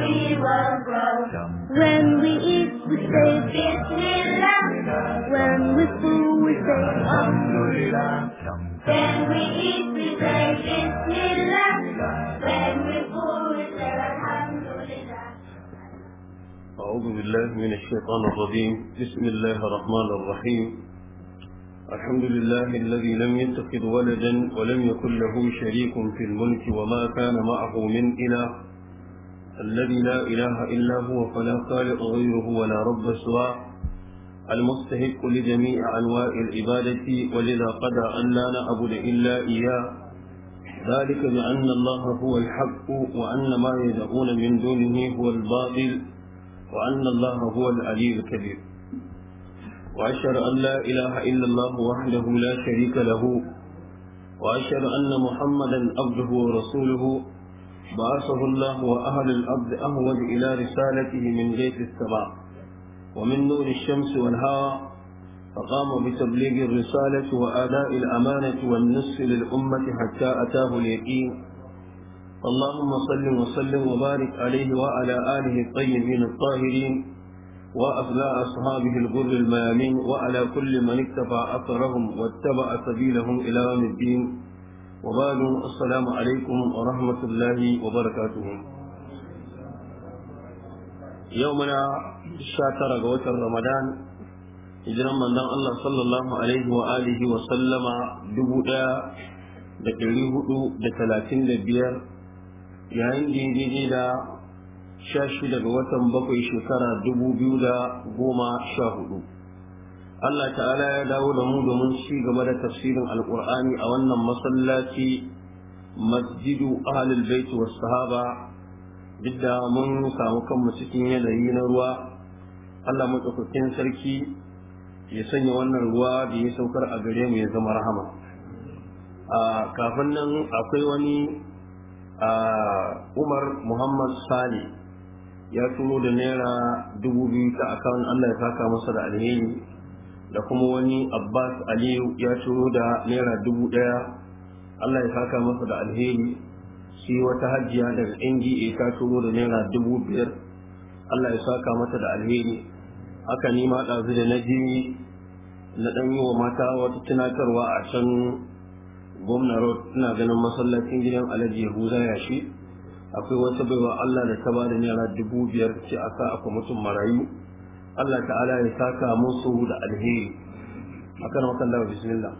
we will grow. When we eat, we say Bismillah. When we fool, we say Alhamdulillah. When we eat, we say Bismillah. When we fool, we say Alhamdulillah. أعوذ بالله من الشيطان الرجيم بسم الله الرحمن الرحيم الحمد لله الذي لم يتخذ ولدا ولم يكن له شريك في الملك وما كان معه من إله الذي لا إله إلا هو فلا خالق غيره ولا رب سواه المستحق لجميع أنواع العبادة ولذا قدر أن لا نعبد إلا إياه ذلك بأن الله هو الحق وأن ما يدعون من دونه هو الباطل وأن الله هو العلي الكبير وأشهد أن لا إله إلا الله وحده لا شريك له وأشهد أن محمدا عبده ورسوله بعثه الله وأهل الأرض أهود إلى رسالته من غيث السماء ومن نور الشمس والهوى فقام بتبليغ الرسالة وآداء الأمانة والنصف للأمة حتى أتاه اليقين اللهم صل وسلم وبارك عليه وعلى آله الطيبين الطاهرين وأبناء أصحابه الغر الميامين وعلى كل من اكتفى أثرهم واتبع سبيلهم إلى يوم الدين وبعد السلام عليكم ورحمة الله وبركاته يومنا شاتر قوة رمضان hijiran manzon Allah sallallahu alaihi wa alihi wa sallama dubu ɗaya da ɗari hudu da talatin da biyar yayin da daidai da sha shi daga watan bakwai shekara dubu biyu da goma sha hudu Allah ta'ala ya dawo da mu domin ci gaba da tafsirin alkur'ani a wannan masallaci masjidu ahlul baituwar was sahaba duk mun samu kanmu cikin yanayi na ruwa Allah matsaukakin sarki ya sanya wannan ruwa da ya saukar a gare mu ya zama rahama a kafin nan akwai wani umar muhammad sali ya turo da naira dubu biyu ta akawun Allah ya saka masa da alheri da kuma wani abbas aliyu ya turo da naira dubu daya. allah ya saka masa da alheri shi wata hajjiya daga nga ta turo da naira dubu biyar allah ya saka mata da alheri haka nima ɗazu da na ji na ɗan yi wa mata wata tunatarwa a can gwamna road ina ganin masallacin gidan alhaji yahuza ya shi akwai wata baiwa allah da ta ba da naira dubu biyar ce aka a mutum marayu Allah ta'ala ya saka musu da alheri akan makallahu bismillah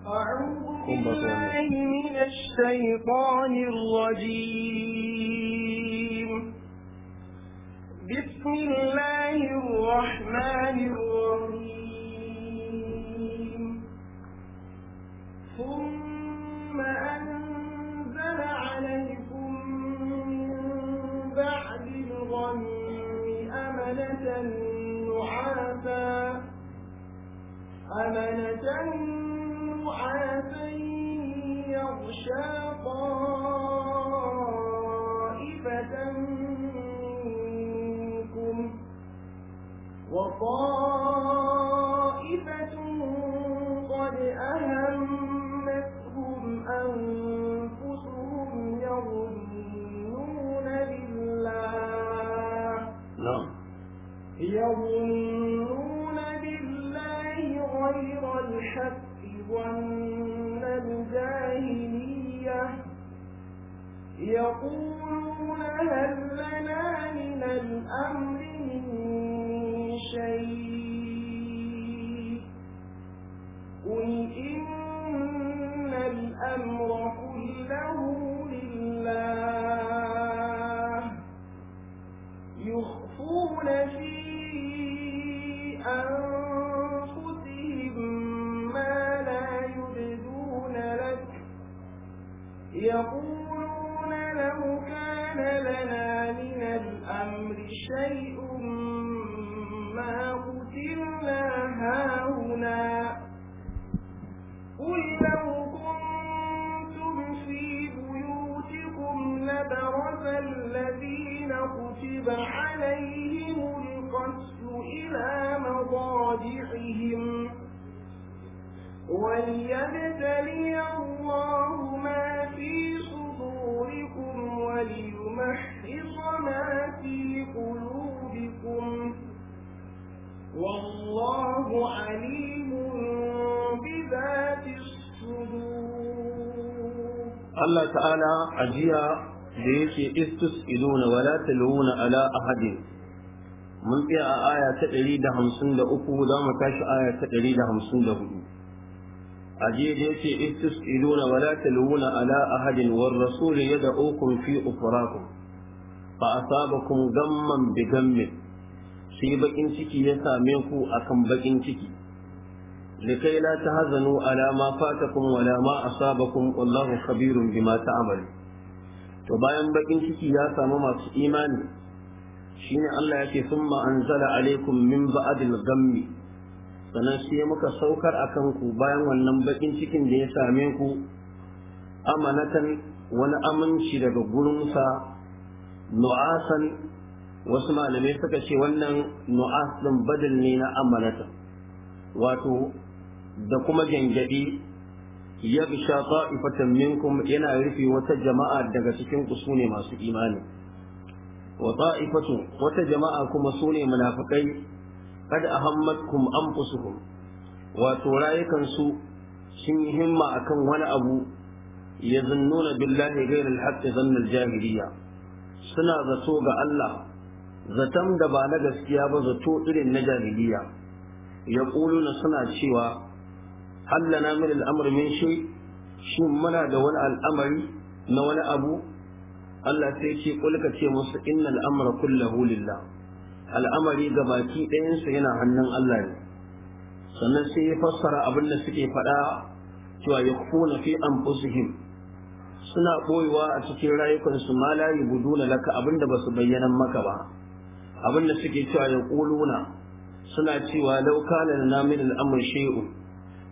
أعوذ بالله من الشيطان الرجيم بسم الله الرحمن الرحيم ثم أمنة نعاسا يغشى طائفة منكم وطائفة يقولون هل لنا من الأمر ليبتلي الله ما في صدوركم وليمحص ما في قلوبكم والله عليم بذات الصدور الله تعالى عجيا da yake istus iduna wala taluna ala من mun tsaya a aya ta 153 za mu tashi aya ta 154 a أجيد يتي إذ تسئلون ولا تلوون على أحد والرسول يدعوكم في أخراكم فأصابكم غما بغم sai bakin ciki ya same ku akan bakin ciki likai ta tahzanu ala ma fatakum wala ma asabakum wallahu khabirun bima ta'malu to bayan bakin ciki ya samu masu imani shine Allah yake summa anzala alaikum min ba'dil ghammi sannan sai muka saukar a kanku bayan wannan bakin cikin da ya same ku amanatan wani aminci daga gurinsa nu'asan wasu malamai suka ce wannan nu'as din badal ne na amanata. wato da kuma gyangyaɗi ya bisha ta'ifatan minkum yana rufe wata jama'a daga cikin ku ne masu imani wa ta'ifatu wata jama'a kuma sune munafikai kad ahammatkum anfusuhum wato rayukansu sun yi himma akan wani abu yazunnuna billahi ghayril haqqi zannal jahiliya suna zato ga Allah zaton da ba na gaskiya ba zato irin na jahiliya yaquluna suna cewa hallana min al'amr min shay shin muna da wani al'amari na wani abu Allah sai ce kulka ce musu innal amra kullahu al'amari ga baki ɗayansu yana hannun Allah ne sannan sai ya fassara abin da suke faɗa cewa ya kuna fi anfusihim suna ɓoyewa a cikin rayukansu ma la na laka abin da basu bayyana maka ba abin da suke cewa ya suna cewa lauka na lana min al'amr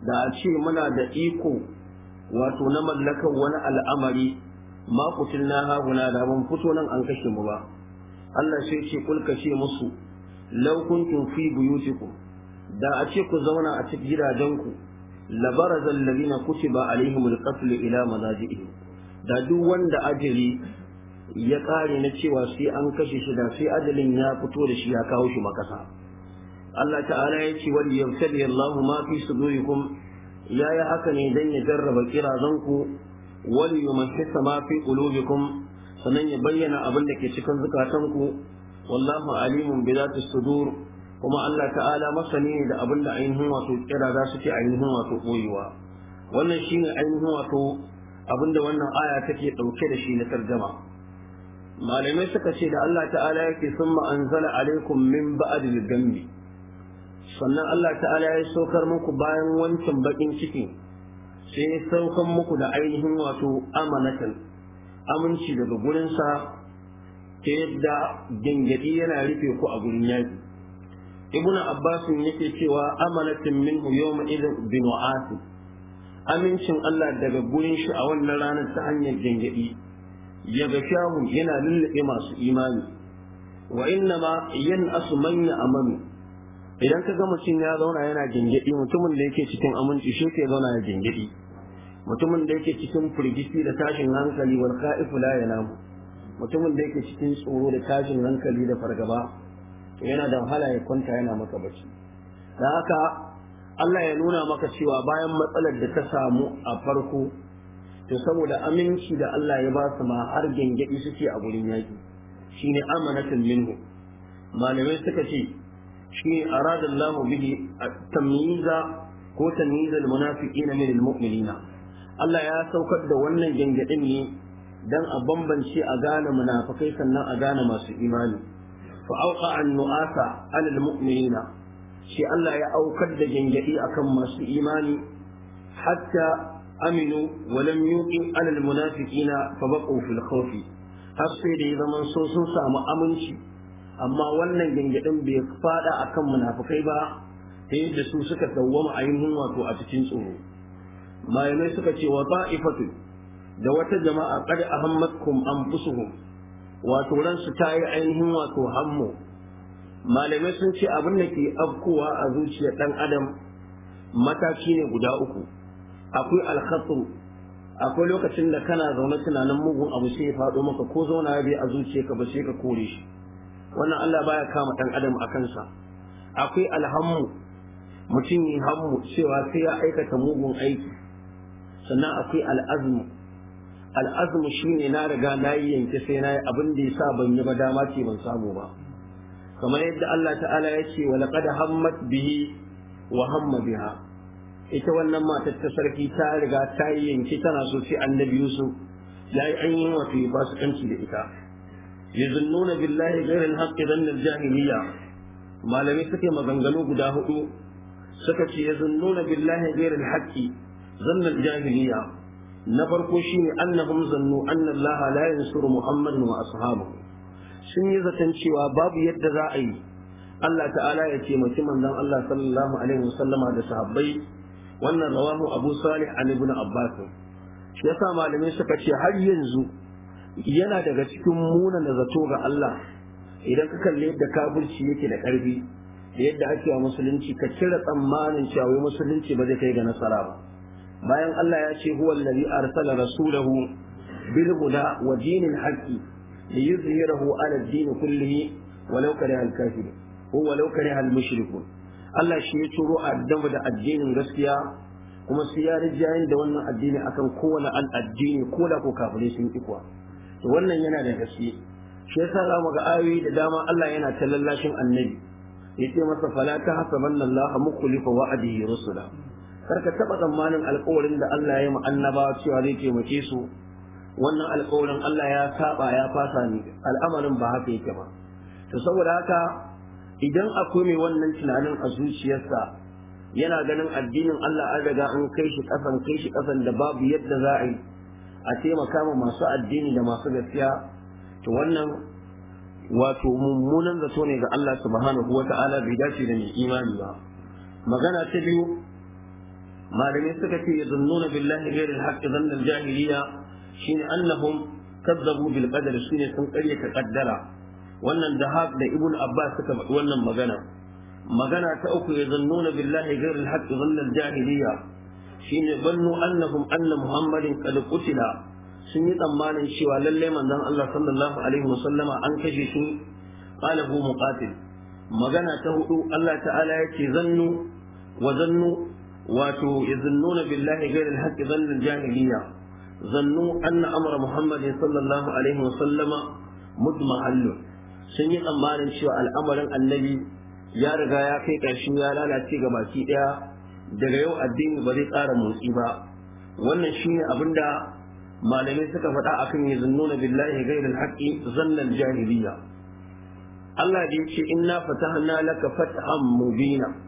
da a ce muna da iko wato na mallakar wani al'amari ma na haguna da mun fito nan an kashe mu ba Allah sai ce kulka ce musu law kuntum fi buyutikum da a ce ku zauna a cikin gidajenku labaraza alladhina kutiba alaihimul qatl ila madajihim da duk wanda ajali ya kare na cewa sai an kashe shi da sai ajalin ya fito da shi ya kawo shi makasa Allah ta'ala ya ce wal yabtali Allahu ma fi sudurikum yi haka ne dan ya jarraba kirazanku wal yumahhisa ma fi qulubikum sannan ya bayyana abin da ke cikin zukatanku wallahu alimun bi zati sudur kuma Allah ta'ala masani ne da abin da ainihin wato kira za su ce ainihin wato koyewa wannan shine ainihin wato abin da wannan aya take dauke da shi na tarjama malamai suka ce da Allah ta'ala yake summa anzala alaikum min ba'di dhanbi sannan Allah ta'ala ya saukar muku bayan wancan bakin ciki sai ya saukar muku da ainihin wato amanatan aminci daga gurinsa ta yadda gangadi yana rufe ku a gurin yaki ibn abbas yake cewa amanatin minhu yawma idin bin wa'asi amincin Allah daga gurin shi a wannan ranar ta hanyar gangadi ya ga shahu yana lullube masu imani wa ma yan asu manya amanu idan ka ga mutum ya zauna yana gangadi, mutumin da yake cikin aminci shi ke zauna ya gingidi mutumin da yake cikin firgici da tashin hankali wal kha'ifu la yanam mutumin da yake cikin tsoro da tashin hankali da fargaba yana da wahala ya kwanta yana maka bacci dan haka Allah ya nuna maka cewa bayan matsalar da ta samu a farko to saboda aminci da Allah ya ba su ma har gengedi suke a gurin yaki shine amanatul minhu malamai suka ce shi aradallahu bihi at-tamyiza ko tamyizal munafiqina min al-mu'minina Allah ya saukar da wannan gangadin ne dan a bambance a gane munafikai sannan a gane masu imani fa auqa an nu'asa alal mu'minina shi Allah ya aukar da gangadi akan masu imani hatta aminu wa lam yuqin alal munafiqina fa baqu fil khawfi har sai da zaman so sun samu aminci amma wannan gangadin bai fada akan munafikai ba sai da su suka a yi wato a cikin tsoro malamai suka ce wa ba'ifatu da wata jama'a qad ahammatkum anfusuhum wato ransu ta yi ainihin wato hammu malamai sun ce abin da ke afkuwa a zuciyar dan adam mataki ne guda uku akwai alkhatu akwai lokacin da kana zaune tunanin mugun abu sai ya faɗo maka ko zauna bai a ka ba sai ka kore shi wannan Allah baya kama dan adam a kansa akwai alhammu mutum yi hammu cewa sai ya aikata mugun aiki sannan akwai al'azmu al'azmu shine na riga na yi yanke sai na yi abin da sa ban yi ba dama ce ban samu ba kamar yadda Allah ta'ala ya ce wa laqad hammat bihi wa hamma biha ita wannan matar ta sarki ta riga ta yi yanke tana so sai annabi Yusuf ya yi an yi wato ba su kanci da ita yazunnuna billahi ghayra al-haqqi dhanna al-jahiliyya malamai suke maganganu guda hudu suka ce yazunnuna billahi ghayra al-haqqi zannan jahiliya na farko shi shine annahum zannu anna allaha la yansuru muhammadan wa ashabahu sun yi zaton cewa babu yadda za a yi Allah ta'ala ya ce mutum manzon Allah sallallahu alaihi wasallama da sahabbai wannan rawahu Abu Salih an ibn Abbas shi yasa malamai suka ce har yanzu yana daga cikin munan da zato ga Allah idan ka kalle yadda kafirci yake da karfi da yadda ake wa musulunci ka kira tsammanin cewa musulunci ba zai kai ga nasara ba bayan Allah ya ce huwa allazi arsala rasulahu bil huda wa dinil haqqi liyuzhirahu ala ad-din kullihi walau kariha al-kafirun ko walau kariha al-mushrikun Allah shi ya turo addabu da addinin gaskiya kuma su ya rijayen da wannan addini akan kowane al'addini ko da ko kafirai sun ikuwa to wannan yana da gaske shi yasa za mu ga ayoyi da dama Allah yana ta lallashin annabi yace masa fala ta hasabanna Allah mukhlifa wa'adihi rusula karka taba tsammanin alƙawarin da Allah ya ma annaba cewa zai taimake su wannan alƙawarin Allah ya saba ya fasa ni al'amarin ba haka yake ba to saboda haka idan akwai mai wannan tunanin a zuciyarsa yana ganin addinin Allah an riga an kai shi kasan kai shi kasan da babu yadda za a yi a taimaka ma masu addini da masu gaskiya to wannan wato mummunan zato ne ga Allah subhanahu wa ta'ala bai dace da mai imani ba magana ta biyu malamai suka ce yazunnuna billahi ghayr al-haqq dhanna al-jahiliya shine annahum kazzabu bil qadar shine sun karyata kaddara wannan dahab da ibn abbas suka faɗi wannan magana magana ta uku yazunnuna billahi ghayr al-haqq dhanna al-jahiliya shine bannu annahum anna muhammadin qad qutila sun yi tsammanin cewa lalle manzon Allah sallallahu alaihi wasallama an kashe shi qala hu muqatil magana ta hudu Allah ta'ala yace zannu wa zannu wato yazunnuna billahi ghayra al-haqqi dhanna al zannu anna amra muhammad sallallahu alaihi wa sallama mudmahallun sun yi tsammanin cewa al'amarin annabi ya riga ya kai ƙarshen ya lalace ga baki ɗaya daga yau addini ba zai tsara motsi ba wannan shine abin da malamai suka faɗa akan yazunnuna billahi ghayra al-haqqi dhanna al-jahiliyya Allah da na inna fatahna laka fathan mubina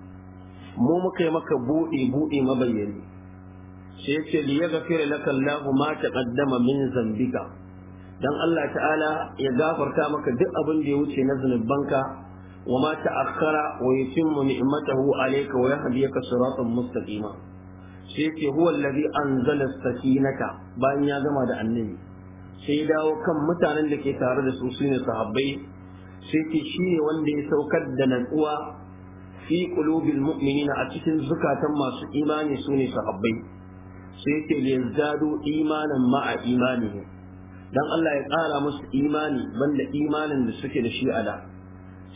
mu muka yi maka buɗe buɗe mabayyani sai yace li na laka Allah ma taqaddama min zambika dan Allah ta'ala ya gafarta maka duk abin da ya wuce na zunubanka wa ma ta'akhkhara wa yutimmu ni'matahu alayka wa yahdiyaka siratan mustaqima sai yace huwa alladhi anzala sakinata bayan ya gama da annabi sai dawo kan mutanen da ke tare da su shine sahabbai sai yace shi ne wanda ya saukar da natsuwa fi qulubil mu'minina a cikin zukatan masu imani sune sahabbai sai yake yazdadu imanan ma'a imanihim dan Allah ya ƙara musu imani banda imanin da suke da shi a da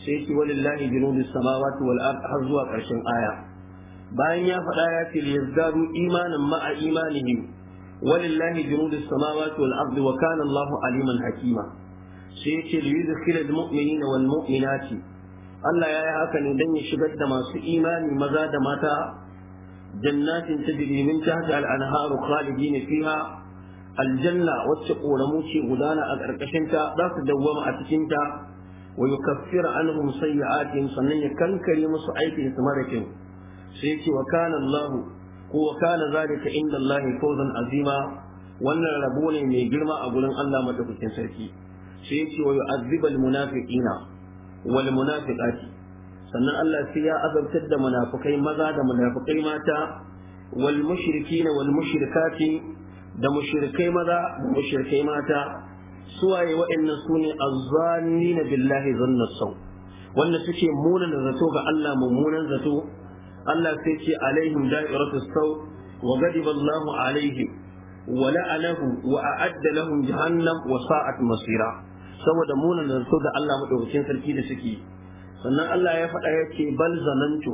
sai yake walillahi junudus samawati wal ard har zuwa ƙarshen aya bayan ya faɗa ya ce yazdadu imanan ma'a imanihim walillahi junudus samawati wal ard wa kana Allahu aliman hakima sai yake liyudkhilal mu'minina wal mu'minati Allah ya yi haka ne don ya shigar da masu imani maza da mata jannatin ta min tahta al-anharu khalidina fiha aljanna wacce koramu ce gudana a ƙarƙashinta ta za su dawwama a cikinta ta wa yukaffiru anhum sayyi'atihim sannan ya kankare musu aikin su mara kyau sai yake wa kana Allah ko wa kana zalika inda Allah fawzan azima wannan rabo ne mai girma a gurin Allah madaukakin sarki sai yake wa yu'azzibal munafiqina wal munafiqati sannan Allah sai ya azabtar da munafikai maza da munafikai mata wal mushrikina wal mushrikati da mushrikai maza da mushrikai mata suwaye waɗannan sune na billahi zanna sau wanda suke munan zato ga Allah mummunan zato Allah sai ce alaihim da'iratu sau wa ghadiba Allahu alaihim wa la'anahu wa a'adda lahum jahannam wa sa'at masira saboda munan da da Allah madaukakin sarki da suke sannan Allah ya faɗa yake bal zanantu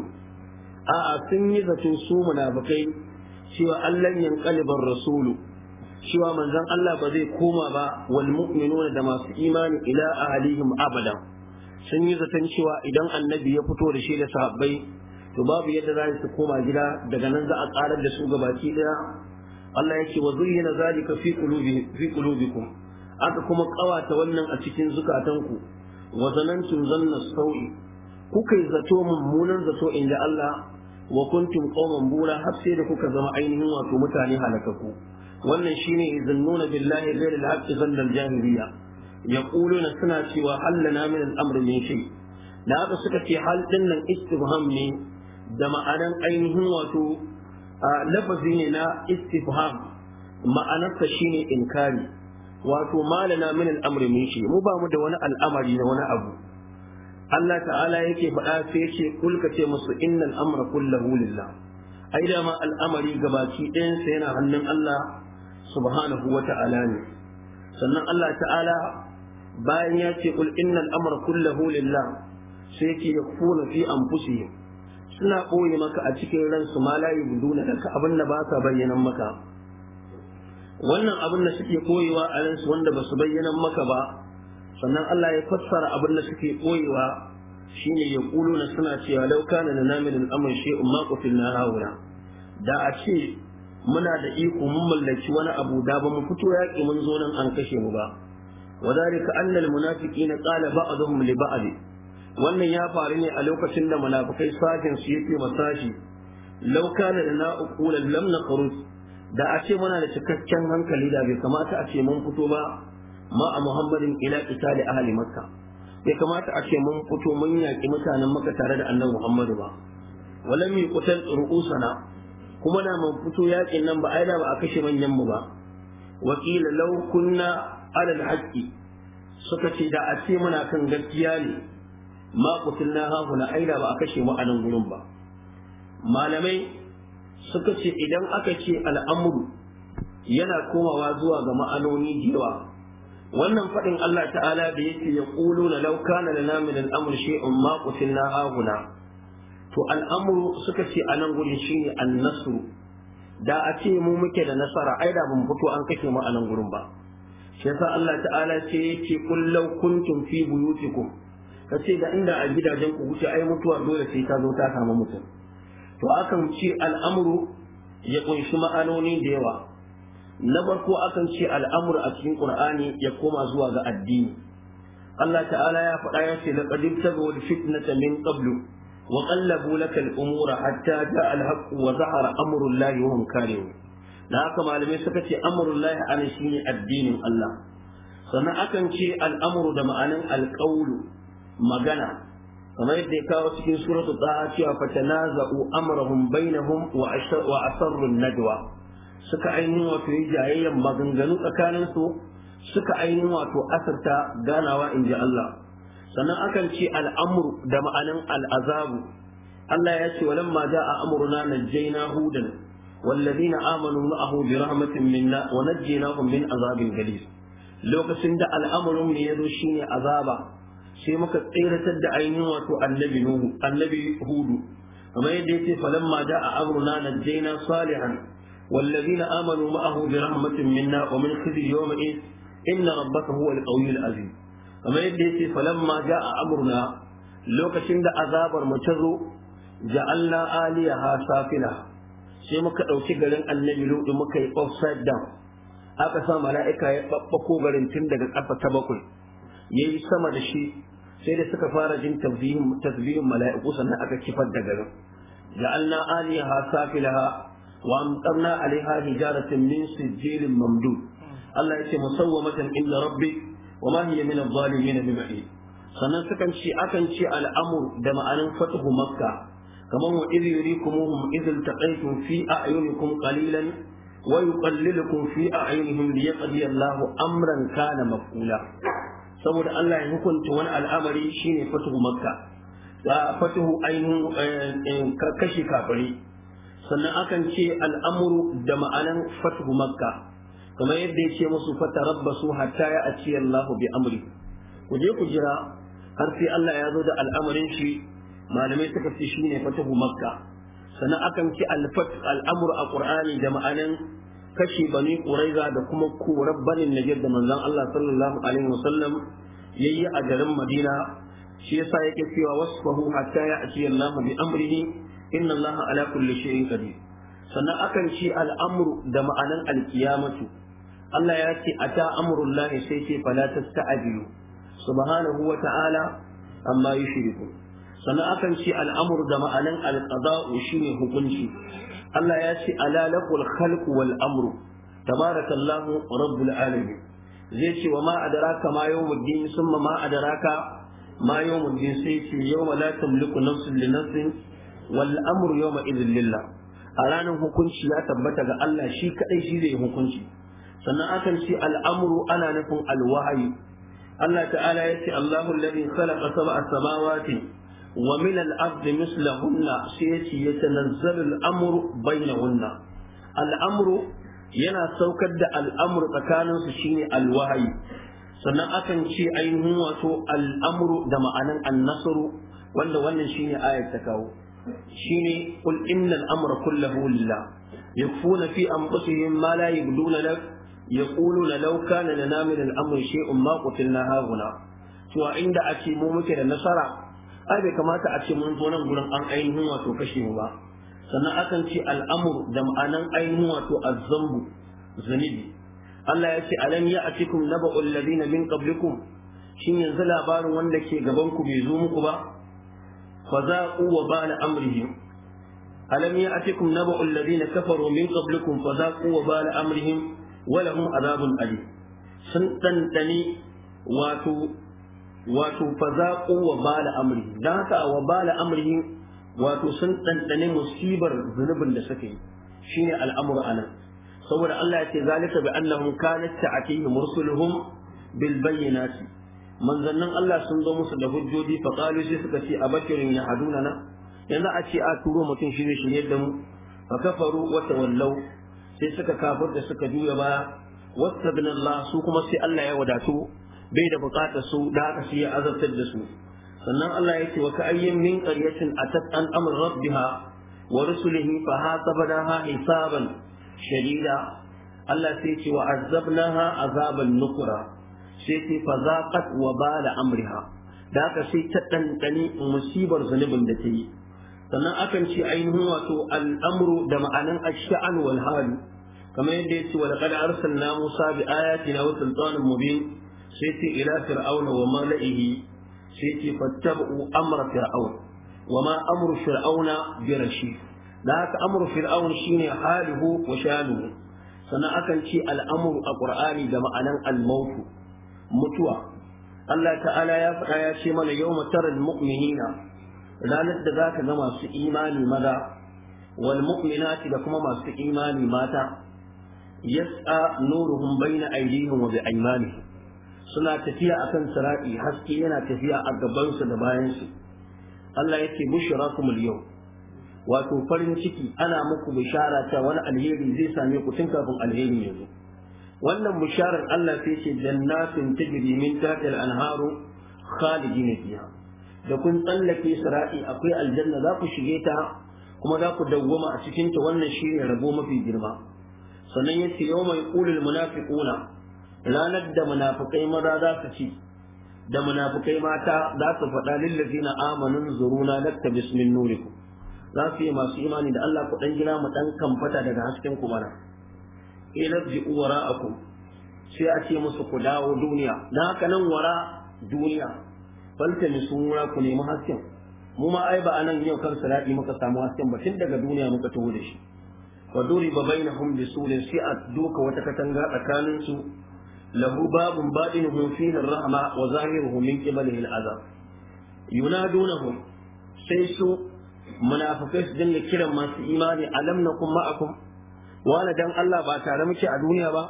a'a sun yi zato su munafikai cewa Allah yanqalibar rasulu cewa manzon Allah ba zai koma ba wal mu'minuna da masu imani ila ahlihim abadan sun yi zaton cewa idan annabi ya fito da shi da sahabbai to babu yadda za su koma gida daga nan za a karar da su gabaki daya Allah yake wa zuyyina zalika fi qulubi fi qulubikum aka kuma ƙawata wannan a cikin zukatanku wa zanantum zanna sau'i kuka yi zato mummunan zato inda Allah wa kuntum qauman bura har sai da kuka zama ainihin wato mutane halakaku wannan shine izannuna billahi ghayr al-haqq zanna al-jahiliya yaquluna suna cewa hallana min al-amr min shay da haka suka ce hal din nan istifham ne da ma'anan ainihin wato lafazi ne na istifham ma'anarsa shine inkari wato malana min al'amri min shi mu ba mu da wani al'amari na wani abu Allah ta'ala yake faɗa sai ce kul ka ce musu innal amra kullahu lillah ai da ma al'amari gabaki ɗayan sa yana hannun Allah subhanahu wa ta'ala ne sannan Allah ta'ala bayan ya ce kul innal amra kullahu lillah sai yake yakuna fi anfusihim suna ɓoye maka a cikin ransu ma la yubduna abin da ba bayyana maka wannan abin da suke koyewa a ransu wanda ba su bayyana maka ba sannan Allah ya fassara abin da suke koyewa shine ya kulo na suna cewa lau kana na namin al'amur shay'un ma qutilna hauna da a ce muna da iko mun mallaki wani abu da ba mu fito yaƙi mun zo nan an kashe mu ba وذلك أن المنافقين قال بعضهم لبعض wannan ya faru ne a lokacin da munafikai sajin su yake masashi law kana lana uqulan lam nakhruj da a ce muna da cikakken hankali da bai kamata a ce mun fito ba ma a muhammadin ila da ahli makka bai kamata a ce mun fito mun yaƙi mutanen makka tare da annabi muhammadu ba walam yuqtal ru'usana kuma da mun fito yaƙin nan ba ai da ba a kashe manyan mu ba wakila law kunna ala al-haqqi suka ce da a ce muna kan gaskiya ne ma qutilna hahu ai da ba a kashe mu a nan gurin ba malamai suka ce idan aka ce al'amuru yana komawa zuwa ga ma'anoni jiwa wannan faɗin Allah ta'ala da yake ya ƙulu na lauka na da namun al'amur in maƙusin na haguna to al'amuru suka ce a nan gurin ne annasu da a ce mu muke da nasara ai da ban fito an kashe mu a nan gurin ba shi yasa Allah ta'ala ce yake kullau kuntum fi buyutikum ce da inda a gidajen ku wuce ai mutuwa dole sai ta zo ta samu mutum to akan ce al'amuru ya kunshi ma'anoni da yawa na farko akan ce al'amur a cikin ƙur'ani ya koma zuwa ga addini Allah ta'ala ya faɗa ya ce laqad ibtaghu fitnata min ƙablu, wa qallabu laka umura hatta ja'a al-haqq wa zahara amru wa da haka malamai suka ce amru Allah an shine addinin Allah sannan akan ce al'amuru da ma'anin alƙawulu, magana kamar yadda ya kawo cikin suratul ta'a cewa fatanaza'u amrahum bainahum wa wa asarru najwa suka ainihin wato yi jayayyan maganganu tsakanin su suka ainihin wato asarta ganawa in ji Allah sannan akan ce al'amur da ma'anin al'azabu Allah ya ce walamma ja'a amruna najjayna hudan والذين آمنوا معه برحمة منا ونجيناهم من عذاب غليظ لوكسن ده الأمر من يدو شيني عذابا sai muka tseratar da ainihin wato annabi nuhu annabi hudu kamar yadda yake falamma da a amruna na jaina salihan wallazina amanu ma'ahu bi rahmatin minna wa min khizi yawma in inna rabbaka huwa al-qawiyyu al-azim kamar yadda yake falamma da a amruna lokacin da azabar mu ta zo ja'alna aliyaha safila sai muka ɗauki garin annabi lu'u muka yi offside down aka sa mala'ika ya babbako garin tun daga kafa ta bakwai yayi sama da shi sai da suka fara jin tasbihin mala'iku sannan aka kifar da garin ja'alna aliha safilaha wa amtarna alaiha hijaratin min sijilin mamdud Allah ya ce musawwamatan inda rabbi wa ma hiya min adh-dhalimin biba'id sannan sukan ce akan ce al'amur da ma'anin fatuhu makka kamar wa idh yurikumuhum idh iltaqaytum fi a'yunikum qalilan ويقللكم في أعينهم ليقضي الله أمرا كان مفعولا saboda Allah ya hukunta wani al'amari shine fatuhu makka da fatuhu ainihin eh, eh, kafari sannan akan ce al'amuru da ma'anan fatuhu makka kamar yadda ya ce musu fatarabbasu hatta ya aci Allah bi amri ku je ku jira har sai Allah ya zo da al'amarin shi malamai suka ce shine fatuhu makka sannan akan ce al'amuru a qur'ani da ma'anan kashe bani ƙuraiza da kuma korar banin najir da manzan Allah sallallahu alaihi ya yi a garin Madina shi yasa yake cewa wasu a wasfahu hatta ya'ti Allah bi amrihi inna Allah ala kulli shay'in qadir sannan akan ci al'amru da ma'anan alkiyamatu Allah ya ce a ata Lahi sai ce fala tasta'jilu subhanahu wa ta'ala amma yushriku sannan akan ci al'amru da ma'anan alqada'u shine hukunci Allah ya ce ala lahul khalq wal amru tabarakallahu rabbul alamin zai ce wa ma adraka ma yawmuddin summa ma adraka ma yawmuddin sai ce yawma la tamliku nafsun li nafsin wal amru yawma idhin lillah a ranar hukunci ya tabbata ga Allah shi kadai shi zai hukunci sannan akan ce al'amru ana nufin alwahayi Allah ta'ala ya ce Allahu alladhi khalaqa sab'a samawati ومن الأرض مثلهن سيتي يتنزل الأمر بينهن الأمر ينا سوكد الأمر تكانو سشيني الوحي sannan akan ce ainihin wato al'amuru da ma'anan annasuru wanda wannan shine ayat ta kawo shine qul innal amra kullahu lillah yakfuna fi anfusihim ma la yabduna lak yaquluna law kana lana min al-amri shay'un ma qutilna hauna to inda ake mu muke da nasara ai bai kamata a ce mun zo nan gurin an ainihin wato kashe mu ba sannan akan ce al'amur da ma'anan ainihin wato azzambu zunubi Allah ya ce alam ya atikum naba'ul ladina min qablikum shin yanzu labarin wanda ke gaban ku bai zo muku ba fa zaqu wa bala amrihim alam ya atikum naba'ul ladina kafaru min qablikum fa zaqu wa bala amrihim wa lahum adabun alim sun tantani wato wato fa wa bala amri dan haka wa bala amri wato sun dandane musibar zunubin da suka yi shine al'amur anan saboda Allah ya ce zalika bi annahum kanat ta'tihim mursuluhum bil bayyinati manzannin Allah sun zo musu da hujjoji fa qalu sai suka ce abashirin ya haduna na yanzu a ce a turo mutum shi ne shi da mu fa kafaru wa tawallau sai suka kafir da suka juya baya wastaghna Allah su kuma sai Allah ya wadatu bai da bukatar su da aka siya azabtar da su sannan Allah ya ce wa ka ayyin min qaryatin atat an amr rabbiha wa rusulihi fa hasabnaha hisaban shadida Allah sai ce wa azabnaha azaban nukura sai ce fa zaqat wa bala amriha da aka sai ta dandane musibar zunubin da ta yi sannan akan ce ainihin wato al'amru da ma'anan ash-sha'an wal hal kamar yadda yace wa laqad arsalna Musa bi ayatina wa sultanin mubin sai ce ila fir'auna wa mala'ihi sai ce fattabu amra fir'aun wa ma amru fir'auna biyar shi. da haka amru fir'aun shine halihu wa shanuhu sannan akan ce al'amuru a qur'ani da ma'anar al-mautu mutuwa Allah ta'ala ya faɗa ya ce mana yawma taral mu'minina ranar da zaka ga masu imani maza wal mu'minati da kuma masu imani mata yas'a nuruhum bayna aydihim wa bi aymanihim suna tafiya akan sira'i haske yana tafiya a gabansu da bayansu Allah ya ce bushrakumul yau wato farin ciki ana muku bishara ta wani alheri zai same ku tun kafin alheri ya zo wannan bisharar Allah sai ce jannatin tajri min tahtil anharu khalidin fiha da kun tsallake sira'i akwai aljanna za ku shige ta kuma za ku dawwama a cikin ta wannan shine rabo mafi girma sannan yace yawma yaqulul munafiquna ranar da munafukai maza za su ci da munafukai mata za su faɗa lillazina amanin zuruna lakta bismin nuriku za su yi masu imani da Allah ku dan gina mu dan kamfata daga hasken ku mana ilabji uwara aku sai a ce musu ku dawo duniya dan haka nan wara duniya falta ni wura ku nemi hasken mu ma ai ba anan yau kan salati muka samu hasken ba tun daga duniya muka taho da shi wa duriba bainahum bisurin sai a doka wata katanga tsakaninsu lahu babun batinuhu fihi rahma wa zahiruhu min qibalihi al'azab yunadunahum sai su munafikai su dinga kiran masu imani alam nakum ma'akum wala dan Allah ba tare muke a duniya ba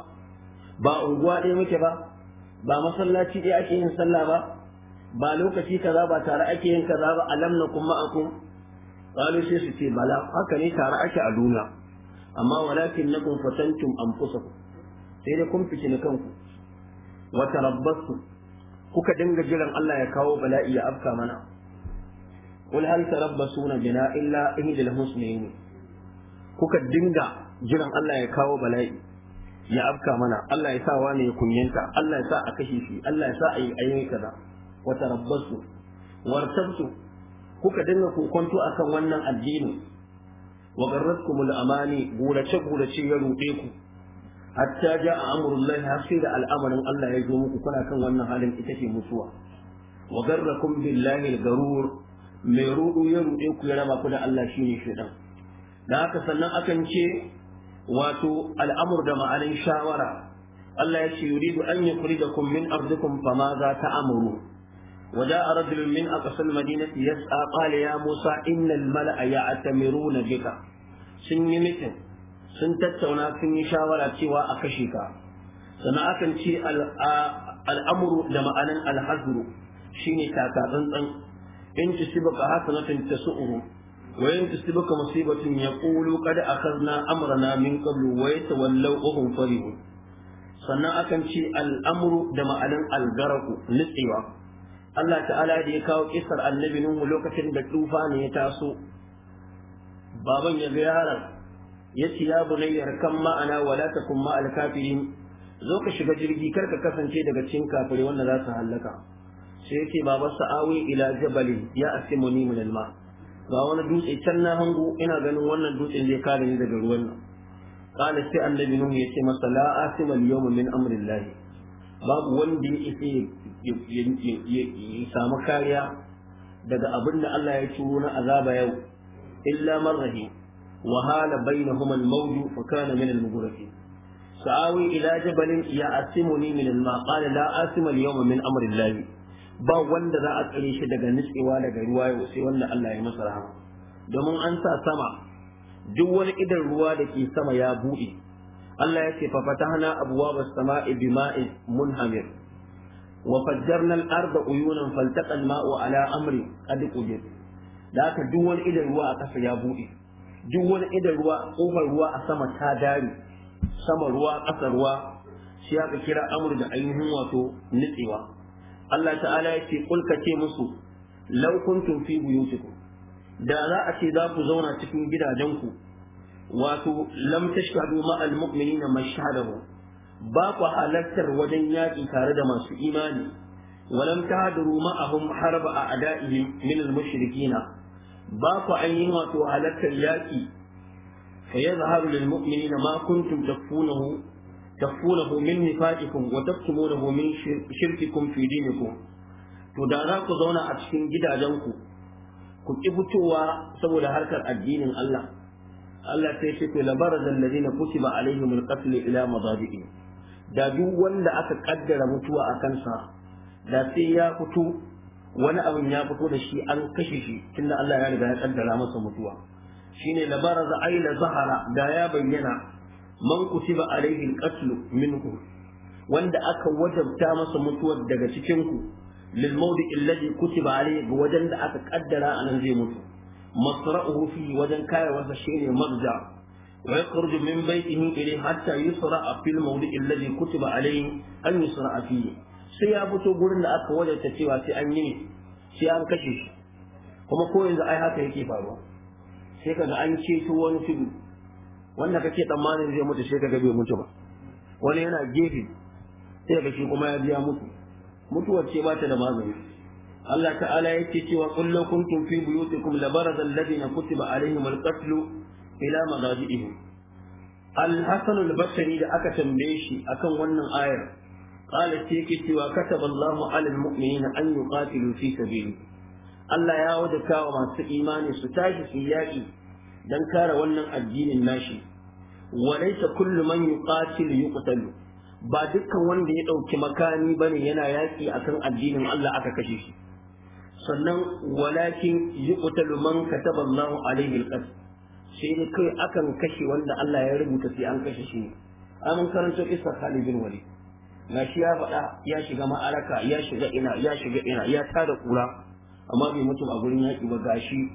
ba unguwa ɗaya muke ba ba masallaci ɗaya ake yin sallah ba ba lokaci kaza ba tare ake yin kaza ba a nakum ma'akum qalu sai ce bala haka ne tare ake a duniya amma walakin nakum fatantum anfusakum sai dai kun fitini kanku wa tarabbasu kuka dinga jiran Allah ya kawo bala'i ya afka mana wal hal tarabbasuna bina illa ihdil husnayn kuka dinga jiran Allah ya kawo bala'i ya afka mana Allah ya sa wani ya kunyanta Allah ya sa a kashe Allah ya sa a yi ayyuka kaza wa tarabbasu wartabtu kuka dinga kokonto akan wannan addini wa garratkumul amani gurace gurace ya rude ku hatta ja a amurullahi har sai da al'amarin Allah ya zo muku kuna kan wannan halin ita ce mutuwa wa garrakum billahi garur mai rudu ya rude ku ya raba ku da Allah shine shedan da haka sannan akan ce wato al'amur da ma'anin shawara Allah ya ce yuridu an da min ardikum fama za ta'muru وجاء رجل من أقصى المدينة يسعى قال يا موسى إن الملأ يعتمرون بك سن sun tattauna sun yi shawara cewa a kashe ka sannan akan ce al'amuru da ma'anan alhazuru shine taka tsantsan in baka tusibaka hasanatan tasu'uhu wa in baka tusibaka musibatun yaqulu qad akhadna amurana min qablu wa yatawallaw hum farihun sannan akan ce al'amuru da ma'anan algaraku nitsewa Allah ta'ala da ya kawo kisar annabi Nuhu lokacin da tufa ne ya taso baban ya ga yaron yace ya bughayya kan ma'ana wala takum ma'al kafirin zo ka shiga jirgi kar ka kasance daga cikin kafirai wanda za su hallaka sai yace baba sa'awi ila jabalin ya asimuni min ma. ga wani dutse can na hango ina ganin wannan dutsen zai kare ni daga ruwan nan qala sai annabi nuhu yace masa la asima al-yawma min amrillah babu wanda ya ya samu kariya daga abin da Allah ya turo na azaba yau illa man rahim وهال بينهما الموج فكان من المغرقين سآوي إلى جبل يعصمني من الماء قال لا آسم اليوم من أمر الله ba wanda za a tsare shi daga nutsewa daga ruwa yau sai wanda Allah ya masa rahama domin an sa sama duk wani idan ruwa da ke sama ya buɗe Allah ya ce fa fatahna abwaabas samaa'i bima'in munhamir wa fajjarna al-arda uyunan faltaqa al-ma'u ala amri qad qudir da haka duk wani idan ruwa a ƙasa ya buɗe duk wani idan ruwa ƙofar ruwa a sama ta dare sama ruwa ƙasa ruwa shi aka kira amur da ainihin wato nitsewa Allah ta'ala ya ce 'Kulka ce musu law kuntum fi buyutikum da za a ce za ku zauna cikin gidajenku wato lam tashhadu ma al mu'minina mashhadahu ba ku halartar wajen yaƙi tare da masu imani ولم تهدروا معهم حرب أعدائهم من المشركين ba ku yi wato halartar yaƙi fa da lil mu'minina ma kuntum takfunahu takfunahu min nifaqikum wa taktumunahu min shirkikum fi dinikum to da za ku zauna a cikin gidajenku ku ki fitowa saboda harkar addinin Allah Allah sai shi ku labaraza alladhina kutiba alaihimul qatl ila madaji'in da duk wanda aka kaddara mutuwa a kansa da sai ya fito wani abin ya fito da shi an kashe shi tunda Allah ya riga ya kaddara masa mutuwa shine labara za aila zahara da ya bayyana man kutiba alaihi alqatl minhu wanda aka wajabta masa mutuwar daga cikin ku lil mawdi alladhi kutiba alaihi wajen da aka kaddara anan zai mutu masra'uhu fi wajen kayarwarsa shine marja wa yakhruju min baytihi ilayhi hatta yusra fi al mawdi alladhi kutiba alaihi an yusra fihi sai ya fito gurin da aka wajenta cewa sai an yi sai an kashe shi kuma ko yanzu ai haka yake faruwa sai kaga an ceto wani tudu wanda kake tsammanin zai mutu sai kaga bai mutu ba wani yana gefe sai kaga shi kuma ya biya mutu mutuwar ce ba ta da magani Allah ta'ala yake cewa qul law kuntum fi buyutikum labaraza alladhina kutiba alaihim alqatlu ila madajihim al-hasan al-basri da aka tambaye shi akan wannan ayar قال تيكي سوى كتب الله على المؤمنين أن يقاتلوا في سبيله Allah ya wadaka wa masu imani su tashi su yaƙi don kare wannan addinin nashi walaita kullu man yuqatilu yuqtalu ba dukkan wanda ya ɗauki makami ne yana yaƙi akan addinin Allah aka kashe shi sannan walakin yuqtalu man kataba Allahu alaihi alqatl sai ne kai akan kashe wanda Allah ya rubuta sai an kashe shi amin karanto isa Khalid bin Walid na shi ya faɗa ya shiga ma'araka ya shiga ina ya shiga ina ya tada kura amma bai mutu a gurin yaƙi ba gashi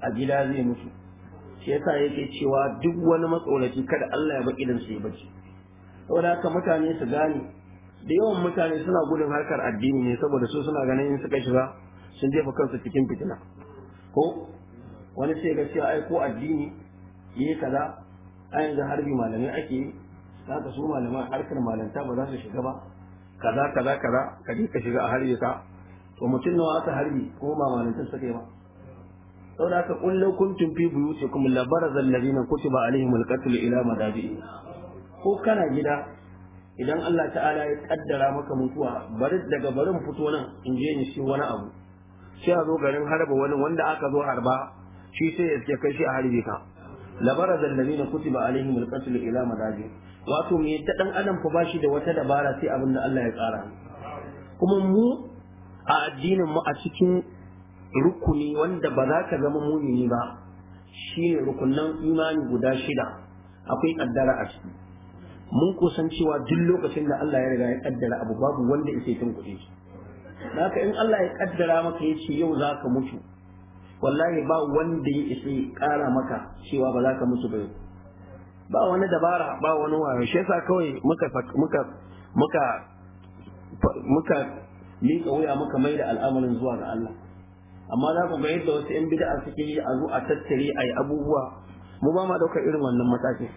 a gida zai mutu shi yasa yake cewa duk wani matsoraci kada Allah ya ba idan sai baci saboda haka mutane su gane da yawan mutane suna gudun harkar addini ne saboda su suna ganin in suka shiga sun jefa kansu cikin fitina ko wani sai ga cewa ai ko addini yi kaza a yanzu harbi malamai ake yi za ka so malaman harkar malanta ba za su shiga ba kaza kaza kaza ka je ka shiga a harbe ka to mutum nawa aka harbi, ko ba malantar suka yi ba saboda haka kun kuntum fi buyutikum la baraza alladhina kutiba alaihimul qatl ila madabi ko kana gida idan Allah ta'ala ya kaddara maka mutuwa bari daga barin fito nan in je in shi wani abu sai a zo garin harba wani wanda aka zo harba shi sai ya kai shi a harbe ka la na alladhina kutiba alaihimul qatl ila madaji wato me ta dan adam fa bashi da wata dabara sai abin da Allah ya tsara kuma mu a addinin mu a cikin rukuni wanda ba za ka zama mumini ba shine rukunan imani guda shida akwai kaddara a ciki mun kusan cewa duk lokacin da Allah ya riga ya kaddara abu babu wanda yake tun kuɗi haka in Allah ya kaddara maka yace yau za ka mutu wallahi ba wanda ya isa ƙara maka cewa ba za ka mutu ba ba wani dabara ba wani wayo shi yasa kawai muka muka muka muka miƙa wuya muka mai da al'amarin zuwa ga Allah amma za ku ga yadda wasu 'yan bid'a suke yi a zo a tattare a yi abubuwa mu ba ma ɗaukar irin wannan matakin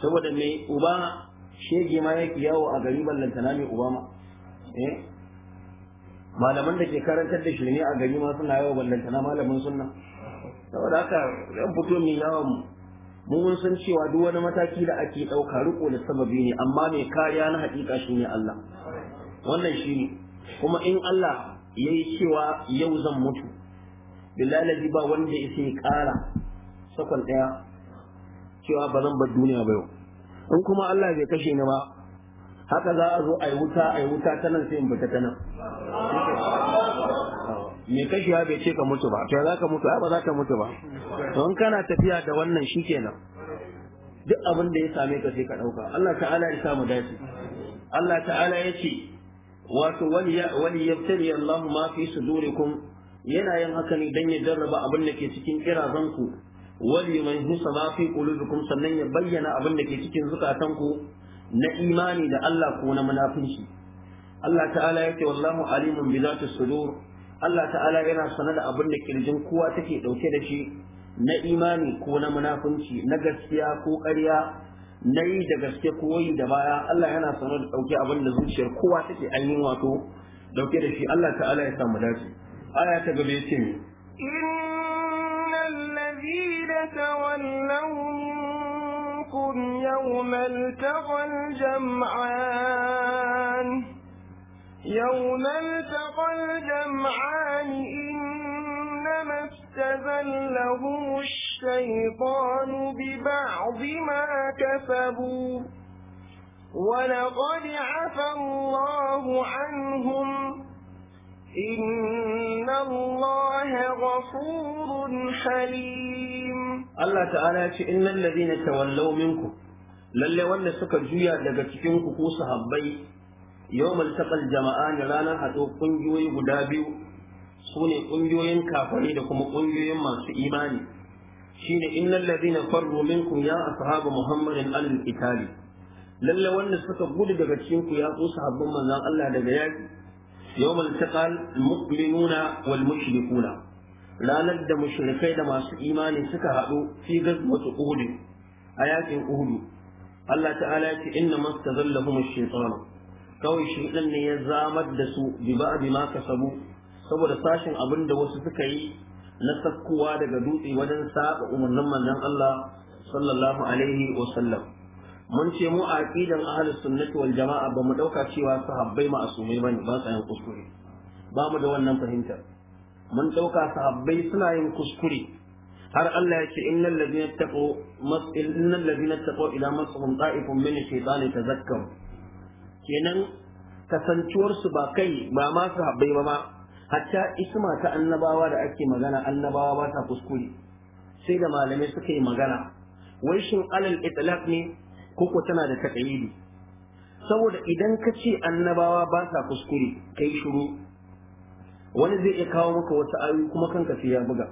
saboda me uba shege ma yake yawo a gari ballantana mai uba ma eh? malaman da ke karantar da shirme a gari ma suna yawo ballantana malamin sunna saboda haka ya fito mai yawon mun san cewa duk wani mataki da ake ɗauka riko da sababi ne amma mai kariya na haƙiƙa shine Allah wannan shine kuma in Allah ya yi cewa yau zan mutu billahi ba wanda ya sai ƙara sakon ɗaya cewa ba zan bar duniya ba yau in kuma Allah bai kashe ni ba haka za a zo a yi wuta a wuta ta nan sai in bata ta nan mai kashewa bai ce ka mutu ba to za ka mutu ba za ka mutu ba don kana tafiya da wannan shikenan duk abin da ya same ka sai ka dauka Allah ta'ala ya samu dace Allah ta'ala ya ce wato wani ya yabtali Allah ma fi sudurikum yana yin haka ne dan ya jarraba abin da ke cikin kirazanku wali man husa ma fi qulubikum sannan ya bayyana abin da ke cikin zukatanku na imani da Allah ko na munafinci Allah ta'ala ya ce wallahu alimun bi zati sudur Allah ta'ala yana sanar da abin da kirjin kowa take dauke da shi na imani ko na munafunci na gaskiya ko ƙarya na yi da gaske ko yi da baya Allah yana sanar da dauke abin da zuciyar kowa take ainihin wato dauke da shi Allah ta'ala ya samu dace aya ta gaba ya ce الذين تولوا منكم يوم التقى الجمعان يوم التقى الجمعان إنما استذلهم الشيطان ببعض ما كسبوا ولقد عفى الله عنهم إن الله غفور حليم الله تعالى إن الذين تولوا منكم للي ولا سكر جويا daga cikin البيت yawmal jama'a na ranar haɗo ƙungiyoyi guda biyu sune ƙungiyoyin kafari da kuma ƙungiyoyin masu imani shine innal ladina farru minkum ya ashabu muhammadin al itali lalle wanda suka gudu daga cikin ku ya ku sahabban manzon Allah daga yaki yawmal taqal mu'minuna wal mushrikuna ranar da mushrikai da masu imani suka haɗu fi gazwatu uhud a yakin uhud Allah ta'ala ya ce inna mastazallahum ash-shaytanu kawai shaidan ne ya zamar da su bi ba bi ma kasabu saboda sashin abin da wasu suka yi na sakkuwa daga dutse wajen saba umarnin manzon Allah sallallahu alaihi wa sallam mun ce mu a aqidan ahli sunnati wal jama'a ba mu dauka cewa sahabbai ma'asumai bane ba sa yin kuskure ba mu da wannan fahimtar mun dauka sahabbai suna yin kuskure har Allah ya ce innal ladina taqu innal ladina taqu ila masahum ta'ifun min shaytani tazakkaru kenan kasantuwarsu ba kai ba ma su habbai ba ma hatta isma ta annabawa da ake magana annabawa ba ta kuskure sai da malamai suka yi magana wai shin alal itlaq ne koko tana da takayidi saboda idan ka ce annabawa ba sa kuskure kai shiru wani zai iya kawo maka wata ayoyi kuma kanka sai ya buga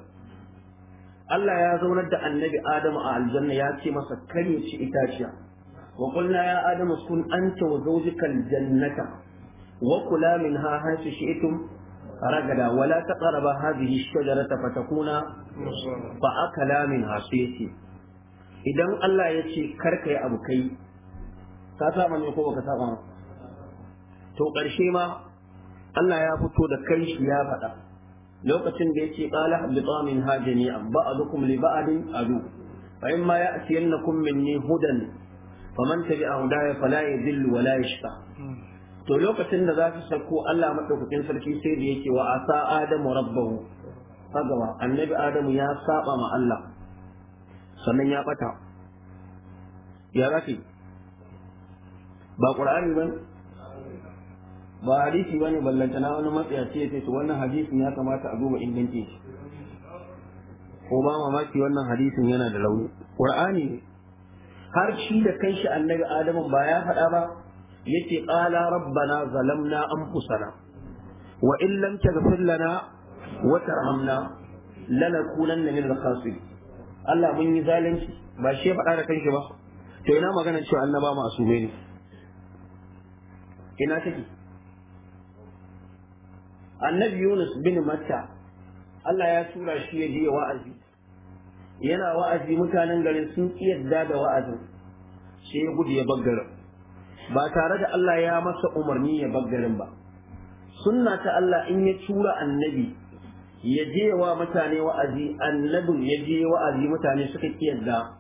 Allah ya zaunar da annabi Adamu a aljanna ya ce masa kar ya ci itaciya وقلنا يا آدم اسكن أنت وزوجك الجنة وكلا منها حيث شئتم رجلا ولا تقربا هذه الشجرة فتكونا فأكلا منها سيتي idan Allah ya ce karka yi abu kai ka saba ne ko baka saba to ƙarshe ma Allah ya fito da kai shi ya faɗa lokacin da ya ce qala habita min hajani ba'dukum li ba'din adu fa imma hudan faman hudu hudaya fala zillu wala ya shiga? to lokacin da za su sako Allah madaukakin sarki sai da yake wa asa adamu rabbahu sagawa annabi adamu ya saba ma Allah sannan ya bata ya rafi ba qur'ani ba ba hadisi bane ballanta na wani matsaya ya ce to wannan hadisin ya kamata a duba inganci shi ko ba mamaki wannan hadisin yana da rauni qur'ani har shi da kai shi annabi adamu ba ya faɗa ba yace qala rabbana zalamna anfusana wa in lam taghfir lana wa tarhamna lanakunanna min al-khasirin Allah mun yi zalunci ba shi faɗa da kanshi ba to ina magana cewa annaba masume ne ina take annabi Yunus bin Matta Allah ya tura shi ya je wa'azi yana wa'azi mutanen garin sun yadda da wa'azin sai ya gudu ya baggarin ba tare da Allah ya masa umarni ya baggarin ba sunna ta Allah in ya tura annabi ya je wa mutane wa'azi annabin ya je wa'azi mutane suka yadda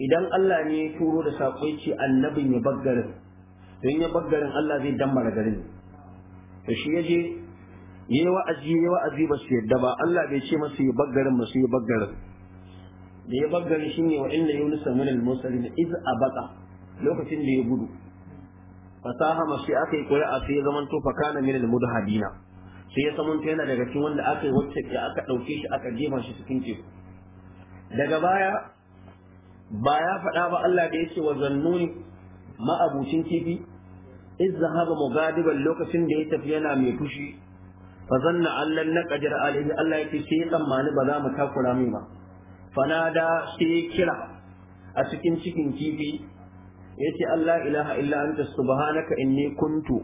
idan Allah ne ya turo da saƙon annabin ya baggarin don ya baggarin Allah zai dammara garin to shi ya je yi wa'azi yi wa'azi ba su yadda ba Allah bai ce masa yi baggarin ba su yi baggarin da ya baggari shi ne wa inna yunus min al-mursalin iz abaka lokacin da ya gudu fasaha ma shi aka yi ƙuri'a sai ya zamanto fa kana min al-mudhadina sai ya samanto yana daga cikin wanda aka yi wacce aka ɗauke shi aka jefa shi cikin teku daga baya ba ya faɗa ba Allah da ya ce wa zannuni ma'abucin kifi iz zahaba mugadiban lokacin da ya tafi yana mai fushi fa zanna allan naqdir alaihi Allah yake sai tsammani ba za mu takura mai ba fanada sai kira a cikin cikin kifi ya ce Allah ilaha illa anta subhanaka inni kuntu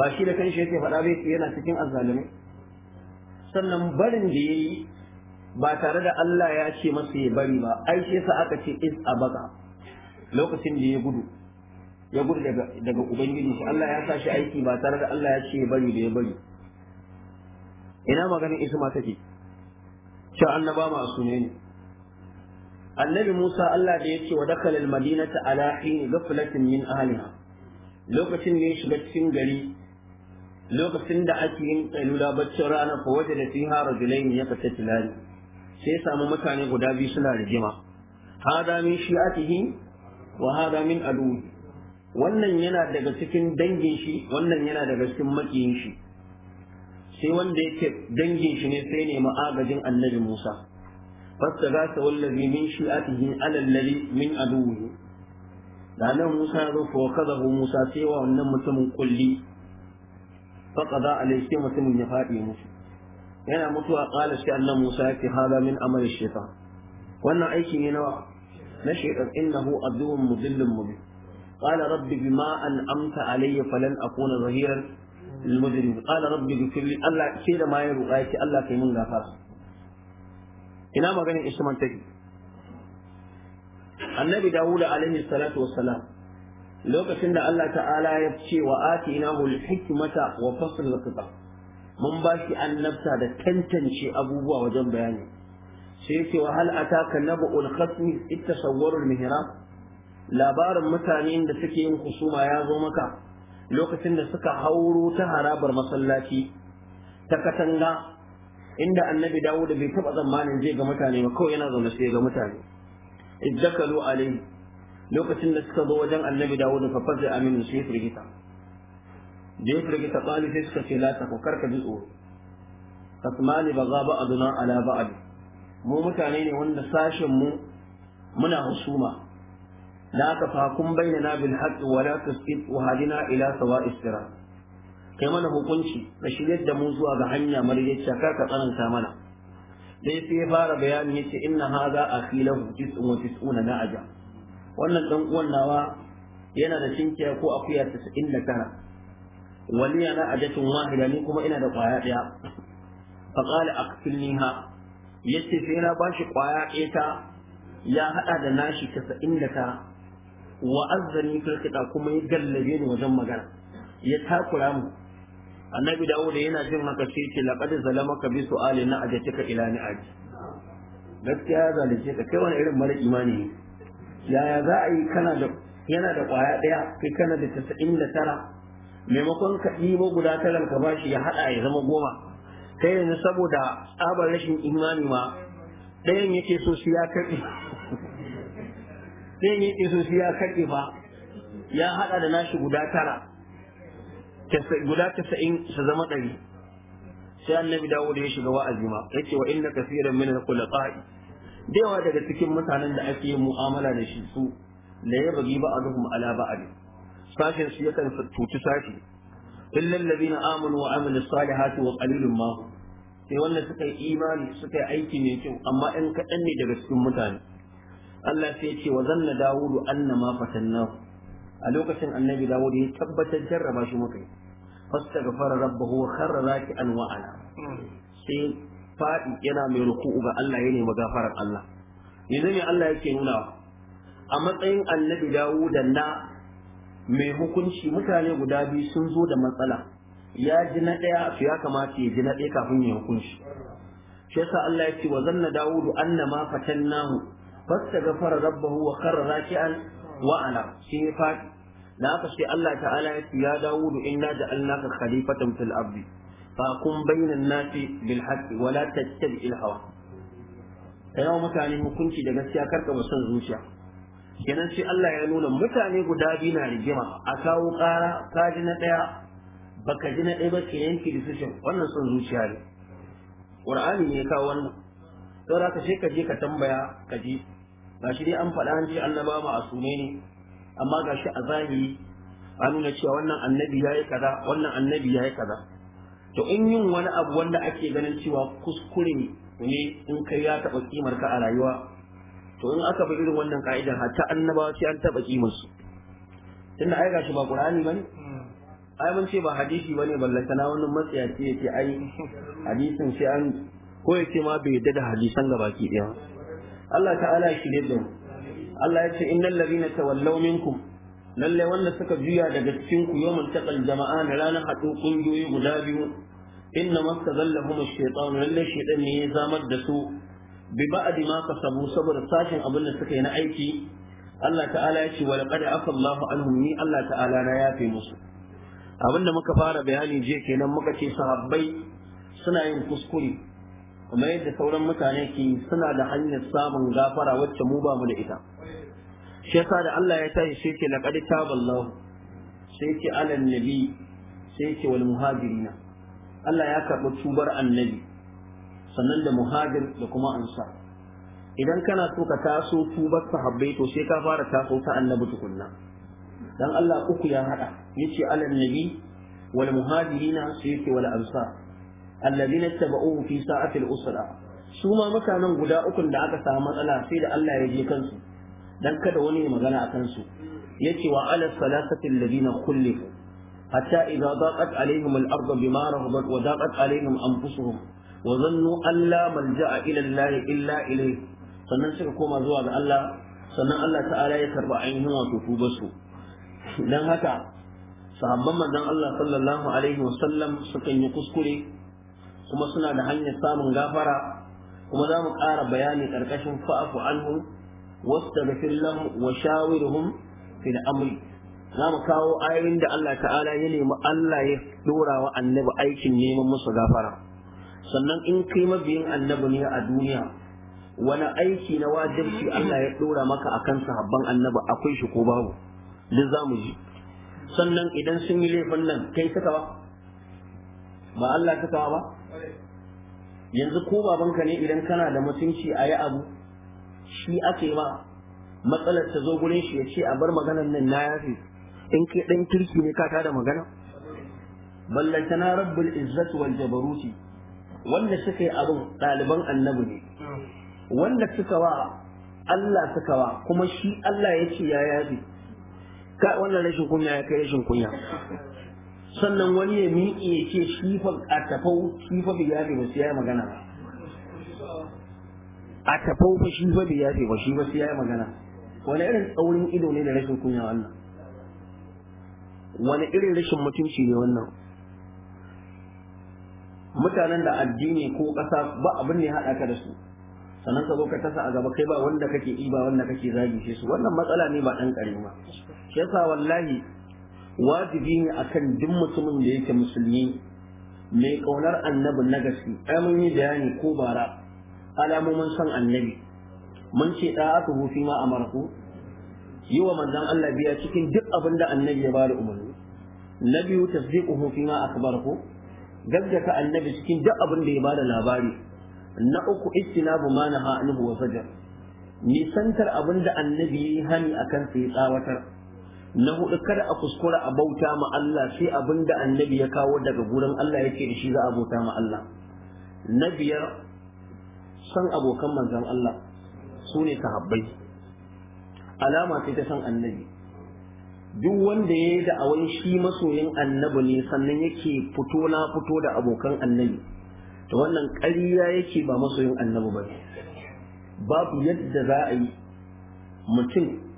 ba shi da kanshi yake faɗa bai yana cikin azzalimi sannan barin da yayi ba tare da Allah ya ce masa ya bari ba ai sai sa aka ce is abaka lokacin da ya gudu ya gudu daga ubangiji shi Allah ya sa shi aiki ba tare da Allah ya ce ya bari da ya bari ina maganin isma take cewa annaba masu ne annabi Musa Allah da ya ce wa dakhala al ta ala hin ghaflatin min ahliha lokacin da ya shiga cikin gari lokacin da ake yin kailula baccin rana fa waje da fiha rajulain ya kace tilani sai samu mutane guda biyu suna rigima hada min shi'atihi wa hada min adu wannan yana daga cikin dangin shi wannan yana daga cikin makiyin shi sai wanda yake dangin shi ne sai ne agajin annabi Musa fastagasa wallazi min shi'atihi alal ladhi min aduwwihi da nan Musa ya zo fa kazahu Musa sai wa wannan mutumin kulli Faka za a sai mutumin ya fadi musu yana mutuwa qala shi Allah Musa yake hada min amali shaytan wannan aiki ne na na shaytan innahu aduwwun mudillun mubin qala rabbi bima amta alayya falan akuna zahiran المجرم قال ربي اغفر لي الله mun gafara ina maganin Ishman take Annabi Dawud alaihi salatu wassalam lokacin da Allah ta'ala ya ce wa atinahu al wa fasl al mun ba shi annabta da tantance abubuwa wajen bayani sai yake wa hal ataka nabul khatmi ita al-mihrab labarin mutanen da suke yin kusuma ya zo maka lokacin da suka hauro ta harabar masallaci ta katanga inda annabi dawo da bai taba tsammanin zai ga mutane ba kawai yana zaune sai ga mutane iddakalu alai lokacin da suka zo wajen annabi dawo da fa fazi aminu sai firgita da ya firgita kali sai suka ce lata ko karka ji tsoro kasmani ba za ba aduna ala ba'ad mu mutane ne wanda sashen mu muna husuma da aka fakun bayyana bil haqqi wa la tusqit wa hadina ila sawa'is sirat kai mana hukunci ka shiryar da mu zuwa ga hanya marjicciya kar ka tsananta mana dai sai ya fara bayani yace inna hadha fila lahu tis'un wa tis'una na'aja wannan dan uwan nawa yana da cinkiya ko akuya 99 waliya na ajatun wahida ni kuma ina da kwaya yace sai na bashi kwaya ɗaya ya haɗa da nashi 99 wa azzani fil kuma ya gallabe ni wajen magana ya takura mu annabi dawud yana jin haka sai ce laqad ka bi su'ali na ajatika ila aji. gaskiya zalice ka kai wani irin mara imani ne yaya za a yi kana da yana da kwaya daya kai kana da tasa'in da tara maimakon ka ɗibo guda taran ka bashi ya haɗa ya zama goma kai yanzu saboda tsabar rashin imani ma ɗayan yake so su ya karɓi sai ni iso sai ya karɓe ba ya haɗa da nashi guda tara guda tasa'in su zama ɗari sai annabi dawo da ya shiga wa'azi ma ce wa inna kasiran min al-khulaqa'i da yawa daga cikin mutanen da ake mu'amala da shi su la yabghi ba'dhum ala ba'd sashin su yakan tuci sashi illa alladhina amanu wa amilus salihati wa qalilun ma sai wannan suka yi imani suka yi aiki mai kyau amma in kaɗan ne daga cikin mutane Allah sai ya ce wa zanna dawudu annama fatannahu a lokacin annabi dawudu ya tabbatar jarraba shi muka yi fastaghfara rabbahu wa kharra raki'an wa ana sai fadi yana mai ruku'u ga Allah yana gafarar Allah yanzu ne Allah yake nuna a matsayin annabi dawuda na mai hukunci mutane guda biyu sun zo da matsala ya ji na ɗaya su ya kamata ya ji na ɗaya kafin ya hukunci shi yasa Allah ya ce wa zanna dawudu annama fatannahu fastaghfara rabbahu wa kharra raki'an wa ana shi ya fadi da aka Allah ta'ala ya ce ya Dawudu inna ja'alnaka khalifatan fil ardi فأقوم بين الناس بالحق ولا تتبع الهوى kana mutane hukunci da gaskiya karka ba son zuciya Gidan sai Allah ya nuna mutane guda biyu na rigima a kawo ƙara ka ji na ɗaya baka ji na ɗaya ba ke yanki da decision wannan son zuciya ne Qur'ani ne kawo wannan saboda haka sai ka je ka tambaya ka je gashi dai an faɗa an ji annaba ba a sune ne amma gashi a zahiri an nuna cewa wannan annabi ya yi kaza wannan annabi ya kaza to in yin wani abu wanda ake ganin cewa kuskure ne in kai ya taɓa kimar ka a rayuwa to in aka bi irin wannan ka'idar, hatta annabawa sai an taɓa kimar su tunda ai gashi ba qur'ani bane hmm. ai mun ce ba hadisi bane ballantana wani matsayaci yake ai hadisin sai an ko ya ce ma bai yadda da hadisan gaba ki ɗaya Allah ta'ala shi ne da Allah ya ce innal ladina tawallaw minkum lalle wanda suka juya daga cikin ku yawmal taqal na ranar haɗu kungiyoyi guda biyu inna mastazallahum ash-shaytan lalle shaytan ne ya zamar da su bi ba'd ma kasabu saboda sashin abin da suka yi na aiki Allah ta'ala ya ce wa laqad afa Allahu anhum ni Allah ta'ala na yafe musu abinda muka fara bayani jiya kenan muka ce sahabbai suna yin kuskure kuma yadda sauran mutane ke suna da hanyar samun gafara wacce mu ba mu da ita shi yasa da Allah ya tashi sai ce laqad taballahu sai ce alal nabi sai ce wal muhajirina Allah ya karɓi tubar annabi sannan da muhajir da kuma ansar idan kana so ka taso tubar sahabbai to sai ka fara taso ta annabi tukunna dan Allah uku ya hada yace alal nabi wal muhajirina sai yace wal ansar alladhina tabauhu fi sa'ati al-usra su ma mutanen guda ukun da aka samu matsala sai da Allah ya je kansu dan kada wani magana a kansu ya wa ala salasati alladhina khulifu hatta idza daqat alaihim al-ardu bima rahabat wa daqat alaihim sannan suka koma zuwa ga Allah sannan Allah ta'ala ya karba ainihin wato tubarsu dan haka sahabban manzon Allah sallallahu alaihi wasallam sukan yi kuskure kuma suna da hanyar samun gafara kuma za mu ƙara bayani ƙarƙashin fa'afu anhum wastaghfir lahum wa shawirhum fil amri za mu kawo ayoyin da Allah ta'ala ya nemi Allah ya dora wa annabi aikin neman musu gafara sannan in kai mabiyin annabi ne a duniya wani aiki na wajibci Allah ya dora maka kan sahabban annabi akwai shi ko babu duk za mu ji sannan idan sun yi laifin nan kai suka ba ba Allah suka ba yanzu ko babanka ne idan kana da mutunci a yi abu shi ake ma matsalar ta zo gurin shi ya ce a bar maganar nan na yafi in ke ɗan kirki ne ka da magana na rabbul izzat wal jabaruti wanda suka yi abin ɗaliban annabi ne wanda suka wa Allah suka wa kuma shi Allah ya ce ya yafi ka wannan rashin kunya ya kai rashin kunya sannan wani ya miƙe ya ce shi fa a tafau shi fa bai yafe ba sai ya magana ba a tafau fa shi fa bai yafe ba shi ba sai ya magana wani irin tsaurin ido ne da rashin kunya wannan wani irin rashin mutunci ne wannan mutanen da addini ko ƙasa ba abin ne haɗa ka da su sannan ka zo ka tasa a gaba kai ba wanda kake iba wanda kake zagi shi su wannan matsala ne ba ɗan ƙarami ba shi yasa wallahi wajibi ne akan duk mutumin da yake musulmi mai ƙaunar annabi na gaske ai mun yi bayani ko bara alamomin son annabi mun ce da aka hufi ma amarku yi wa manzon Allah biya cikin duk abin da annabi ya bada umarni na biyu ta tasdiquhu fi ma akbarku gaggata annabi cikin duk abin da ya bada labari na uku ittinabu ma naha anhu wa fajar nisantar abin da annabi ya yi hani akan sai tsawatar na hudu kada a kuskura a bauta ma Allah sai abinda annabi ya kawo daga gurin Allah yake da shi za a bauta ma Allah na biyar san abokan manzon Allah su ne sahabbai alama ce ta san annabi duk wanda ya yi da'awar shi masoyin annabi ne sannan yake fito na fito da abokan annabi to wannan ƙarya yake ba masoyin annabi ba babu yadda za a yi mutum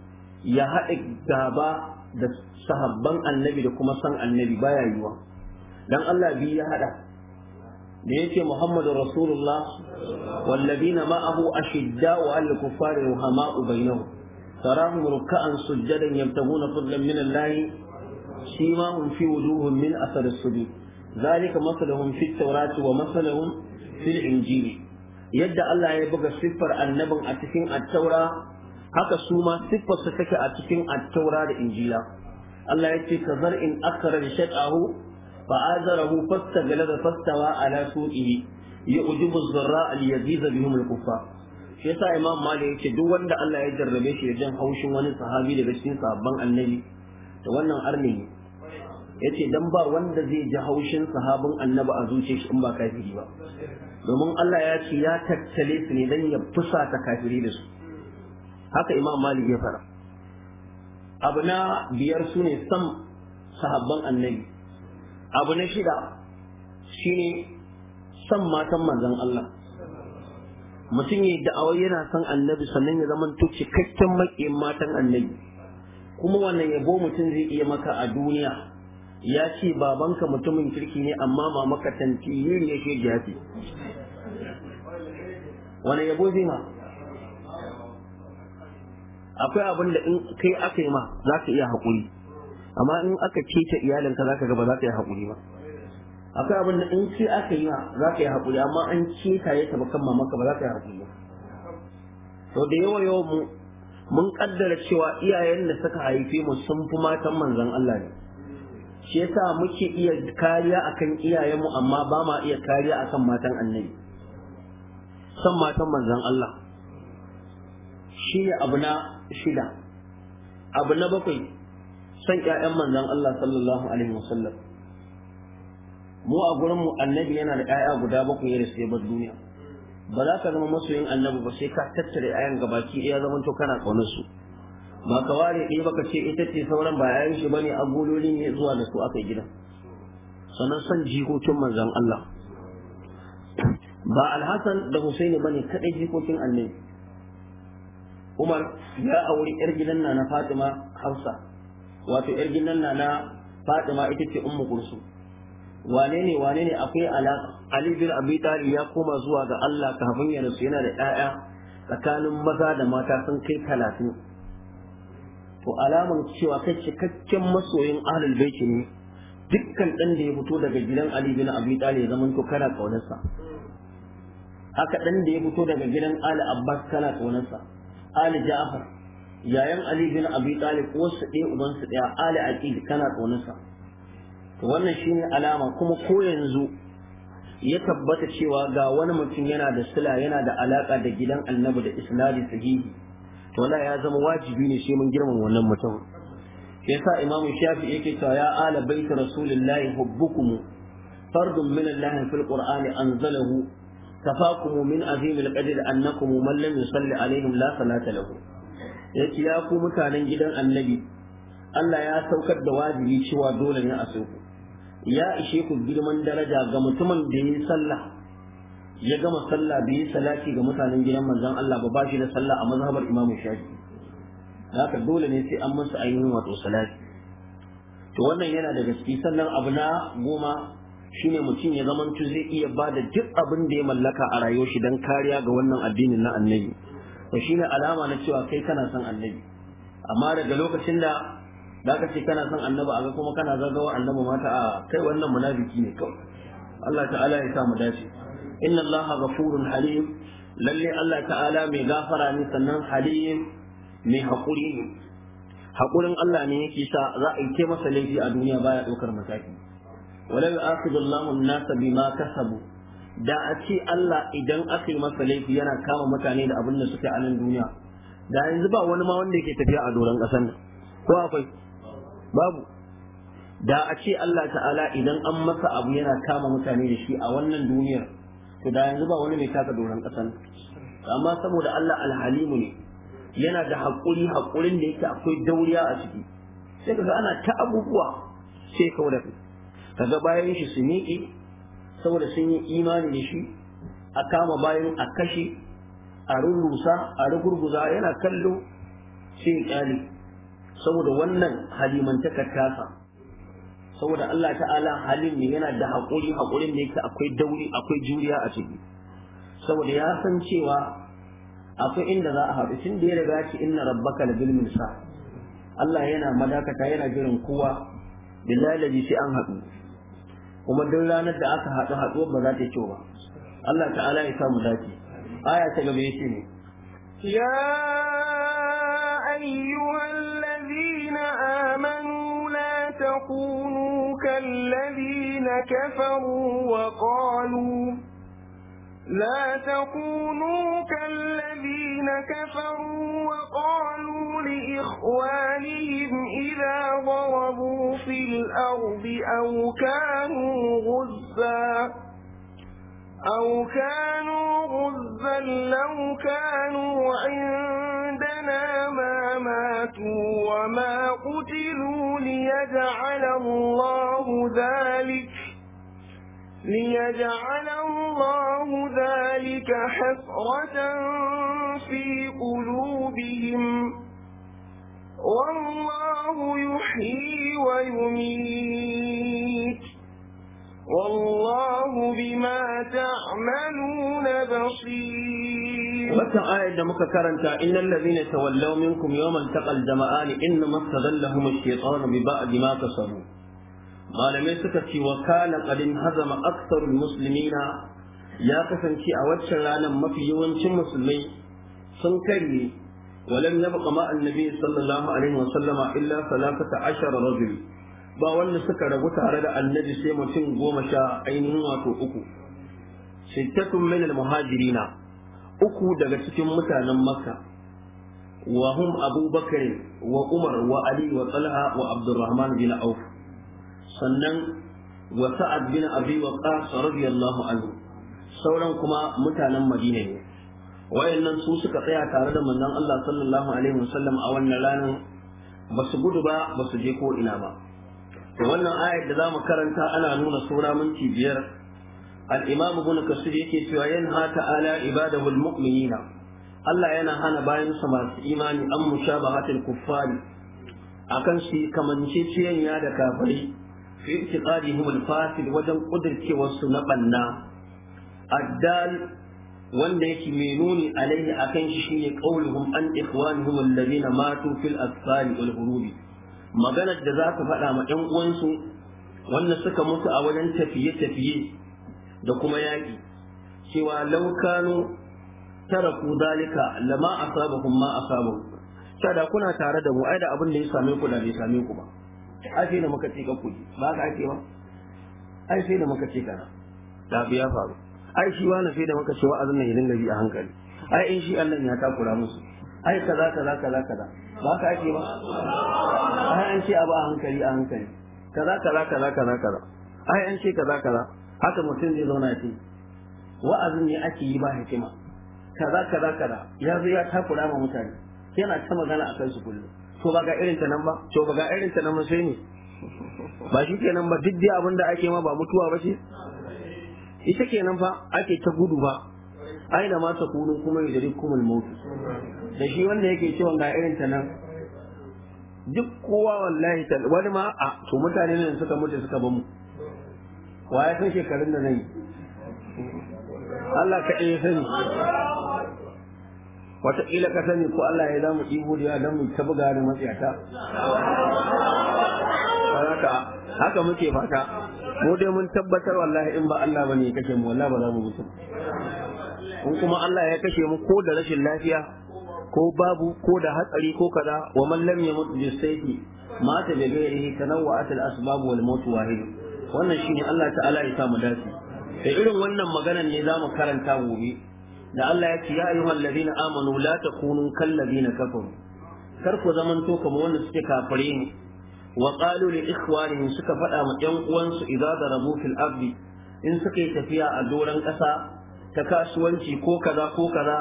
ya haɗa gaba da sahabban annabi da kuma san annabi baya yiwa dan Allah bi ya haɗa da yake Muhammadu Rasulullah wallabina ma'ahu ashidda wa al kuffari ruhama'u bainahum tarahum ruk'an sujadan yabtaguna fadlan min Allah simahum fi wujuhum min athar as-sujud ذلك مثلهم في التوراة ومثلهم في الإنجيل yadda Allah ya buga siffar annabin a cikin attaura haka su ma siffar su take a cikin attaura da injila Allah ya ce ka zar in akara da shaƙahu fa azarahu gala da fastawa ala su'i ya ujibu zarra al-yaziza bihum al shi yasa imam malik yake duk wanda Allah ya jarrabe shi ya jan haushin wani sahabi daga cikin sahabban annabi to wannan arne ne yace dan ba wanda zai ji haushin sahabin annabi a zuciyar shi in ba kafiri ba domin Allah ya ce ya tattale su ne dan ya fusata kafiri da su haka imam malik ya fara abu na biyar su ne sam sahabban annabi abu na shida shi ne san matan manzan Allah mutum ya da'awar yana son annabi sannan ya zama to cikakken maƙiyin matan annabi kuma wannan yabo mutum zai iya maka a duniya ya ce babanka mutumin kirki ne amma mamaka tantiyiri ya ke jafi wani yabo zai ma akwai abin da in kai aka yi ma za ka iya haƙuri amma in aka ta iyalinka za ka ga ba za ka yi haƙuri ba akwai abin da in ce aka yi ma za ka yi haƙuri amma an keta ya taɓa kan mamanka ba za ka yi haƙuri ba to da yawa yawan mu mun kaddara cewa iyayen da suka haife mu sun fi matan manzon Allah ne shi yasa muke iya kariya akan iyayenmu amma ba ma iya kariya akan matan annabi san matan manzon Allah ne abu na shida abu na bakwai son ƴaƴan manzan Allah sallallahu alaihi wasallam mu a gurin mu annabi yana da ƴaƴa guda bakwai da sai bar duniya ba za ka zama masoyin annabi ba sai ka tattare ayan gabaki ɗaya zama to kana ƙaunar su ba ka ware ɗaya baka ce ita ce sauran ba yayin shi bane agololi ne zuwa da su aka yi gidan sannan son jikokin manzan Allah ba alhassan da husaini bane kaɗai jikokin annabi Umar ya auri yar gidan na na Fatima Hafsa wato yar gidan na na Fatima ita ce ummu kursu wane ne wane ne akwai alaka Ali bin Abi Talib ya koma zuwa ga Allah kafin ya su yana da ƴaƴa tsakanin maza da mata sun kai talatin to alaman cewa kai cikakken masoyin ahlul baiti ne dukkan dan da ya fito daga gidan Ali bin Abi Talib ya zaman to kana kaunarsa haka dan da ya fito daga gidan Ali Abbas kana kaunarsa ali ja'far yayan ali bin abi talib ko su ɗaya uban su ɗaya ali aqil kana ƙonarsa to wannan shine alama kuma ko yanzu ya tabbata cewa ga wani mutum yana da sila yana da alaka da gidan annabi da isnadi sahihi to la ya zama wajibi ne sai mun girmama wannan mutum yasa imamu shafi yake cewa ya ala baiti Rasulullahi hubbukum fardun min Allah fil qur'ani anzalahu kafakum min azimil qadr annakum man lam yusalli alaihim la salata lahu yace ya ku mutanen gidan annabi Allah ya saukar da wajibi cewa dole ne a ku ya ishe girman daraja ga mutumin da yi sallah ya gama sallah bai yi salati ga mutanen gidan manzon Allah ba bashi da sallah a mazhabar Imam Shafi'i haka dole ne sai an musu ainihin wato salati to wannan yana da gaske sannan abu na goma shine mutum ya zama zai iya ba da duk abin da ya mallaka a rayuwar shi don kariya ga wannan addinin na annabi to shine alama na cewa kai kana son annabi amma daga lokacin da da ka ce kana son annabi aga kuma kana zagawa annabi mata a kai wannan munafiki ne kawai Allah ta'ala ya sa mu dace inna Allah ghafurun halim lalle Allah ta'ala mai gafara ne sannan halim mai hakuri ne hakurin Allah ne yake sa za a yi masa laifi a duniya baya ɗaukar mataki wala yu'akhidhu Allahu an-nasa bima kasabu da a ce Allah idan aka yi masa laifi yana kama mutane da abin da suke a nan duniya da yanzu ba wani ma wanda yake tafiya a doron ƙasar nan ko akwai babu da a ce Allah ta'ala idan an masa abu yana kama mutane da shi a wannan duniyar to da yanzu ba wani mai taka doron ƙasar amma saboda Allah alhalimu ne yana da haƙuri haƙurin da yake akwai dauriya a ciki sai kaga ana ta abubuwa sai ka wadafi kaga bayan shi su miƙe saboda sun yi imani da shi a kama bayan a kashe a rurrusa a rugurguza yana kallo sai kyale saboda wannan halimantakar tasa saboda Allah ta'ala halin ne yana da haƙuri haƙurin da yake akwai dauri akwai juriya a ciki saboda ya san cewa akwai inda za a haɗu tun da ya riga ci inna rabbaka bilmin sa, Allah yana madakata yana jiran kowa billahi sai an haɗu kuma duk ranar da aka haɗu haɗu ba za ta yi kyau ba Allah ta'ala ya samu zaki aya ta gaba yace ne ya ayyuhallazina amanu la takunu kal ladina kafaru wa qalu لا تكونوا كالذين كفروا وقالوا لإخوانهم إذا ضربوا في الأرض أو كانوا غزا أو كانوا غزا لو كانوا عندنا ما ماتوا وما قتلوا ليجعل الله ذلك ليجعل الله ذلك حسرة في قلوبهم والله يحيي ويميت والله بما تعملون بصير بس آية دمك كرنتا إن الذين تولوا منكم يوم التقى الجمعان إنما استذلهم الشيطان ببعد ما كسبوا malamai suka ce wa kana qadin hazama aktsarul musulmina ya kasance a waccan ranar mafi yawancin musulmai sun karye walam yabqa ma annabi sallallahu alaihi wa sallama illa salatata ashara rajul ba wanda suka ragu tare da annabi sai mutum goma sha ainihin wato uku sittatun min muhajirina. uku daga cikin mutanen makka wa hum abubakar wa umar wa ali wa talha wa abdurrahman bin auf sannan wa sa'ad bin abi waqas radiyallahu anhu sauran kuma mutanen madina ne wayannan su suka tsaya tare da manzon Allah sallallahu alaihi wasallam a wannan ranar ba su gudu ba ba su je ko ina ba to wannan ayar da zamu karanta ana nuna sura minti biyar al-imam ibn kasir yake cewa yanha ta'ala ibadahu al-mu'minina Allah yana hana bayan sa masu imani an mushabahatil kuffari akan shi kamanceciyanya da kafari. fi itiqadihim al-fasid wajen kudircewar su na ɓanna. addal wanda yake mai nuni alaihi akan shi shine qauluhum an ikhwanuhum alladhina matu fil asfar wal hurubi maganar da za ka faɗa ma 'yan uwansu wanda suka mutu a wajen tafiye-tafiye da kuma yaƙi cewa laukano taraku zalika lama asabahum ma asabahum sada kuna tare da mu ai abin da ya same ku da bai same ku ba ai sai da muka ce ka kuɗi ba ka ake ba ai sai da muka ce kana da abu ya faru ai shi wani sai da muka ce wa'azin nan ya dinga bi a hankali ai in shi Allah ya takura musu ai kaza kaza kaza kaza ba ka ake ba ai an ce a a hankali a hankali kaza kaza kaza kaza kaza ai an ce kaza kaza haka mutum zai zauna ce wa'azin ne ake yi ba hikima kaza kaza kaza ya zo ya takura ma mutane yana ta magana akan su kullum ko ba ga irin ta nan ba to ba ga irin ta nan ba sai ne ba shi kenan ba duk dai abin da ake ma ba mutuwa ba ce ita kenan fa ake ta gudu ba aina ma ta kunu kuma yudrikum al-maut da shi wanda yake ciwon ga irin ta nan duk kowa wallahi wani ma a to mutane ne suka mutu suka bamu wa ya san shekarun da nan yi Allah ka iya sani wataƙila ka sani ko Allah ya zamu ɗibo da dan don mu ta buga da matsiyata haka haka muke fata mu dai mun tabbatar wallahi in ba Allah bane ya kashe mu wallahi ba za mu mutu in kuma Allah ya kashe mu ko da rashin lafiya ko babu ko da hatsari ko kaza wa man lam yamut bi sayfi ta da gairi tanawwa'at al asbab wal maut wahid wannan shine Allah ta'ala ya sa mu dace da irin wannan maganar ne zamu karanta gobe da Allah ya ce ya ayyuhal ladina amanu la takunu kal kafaru kar ku zamanto kuma wanda suke kafare ne wa qalu li ikhwanihim suka faɗa ma ƴan uwansu idza darabu fil ardi in suka yi tafiya a doron ƙasa ta kasuwanci ko kaza ko kaza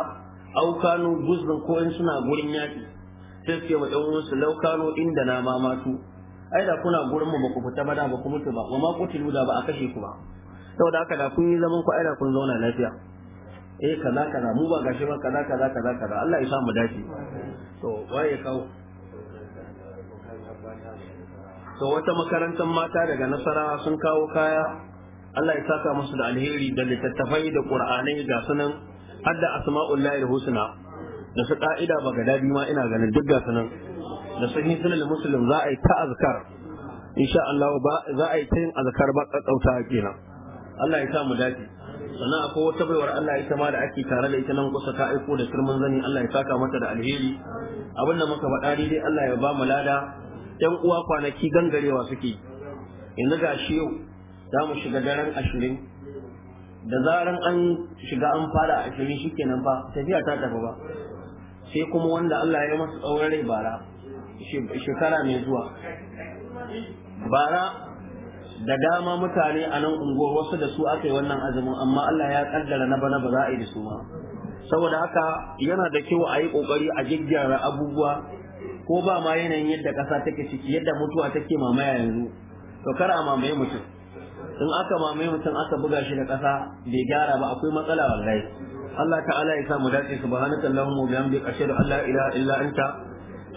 au kanu guzdan ko in suna gurin yaƙi sai suke ma ƴan uwansu lau kanu inda na mamatu ai da kuna gurin mu ba ku fita ba da ba ku mutu ba wa ma qutilu da ba a kashe ku ba saboda haka da kun yi zaman ku ai da kun zauna lafiya eh kaza kaza mu ba gashi ba kaza kaza kaza kaza Allah ya sa mu dace to waye kawo to wata makarantar mata daga nasara sun kawo kaya Allah ya saka musu da alheri da littattafai da qur'anai ga sunan hadda asma'ullahi husna da su ka'ida ba ga dadi ma ina ganin duk ga sunan da sahih sunan muslim za a yi ta azkar insha Allah za a yi ta yin azkar ba kakauta kenan Allah ya sa mu dace sannan akwai wata baiwar Allah ita ma da ake tare da ita nan kusa ta aiko da turmin zani Allah ya saka mata da alheri abin da muka faɗa dai Allah ya ba mu lada ƴan uwa kwanaki gangarewa suke yanzu ga shi yau za mu shiga daren ashirin da zaran an shiga an fara ashirin shikenan fa tafiya ta tafi ba sai kuma wanda Allah ya masa tsawon rai bara shekara mai zuwa bara da dama mutane a nan unguwar wasu da su aka yi wannan azumin amma Allah ya kaddara na bana ba za a yi da su ma saboda haka yana da kyau a yi kokari a gyaggyara abubuwa ko ba ma yanayin yadda kasa take ciki yadda mutuwa take mamaya yanzu to kar a mamaye mutum in aka mamaye mutum aka buga shi da kasa bai gyara ba akwai matsala wallahi Allah ta'ala ya mu dace subhanaka allahumma wa bihamdika ashhadu an la ilaha illa anta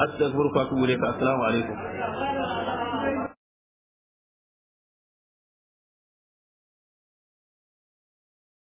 astaghfiruka wa atubu ilaik assalamu alaikum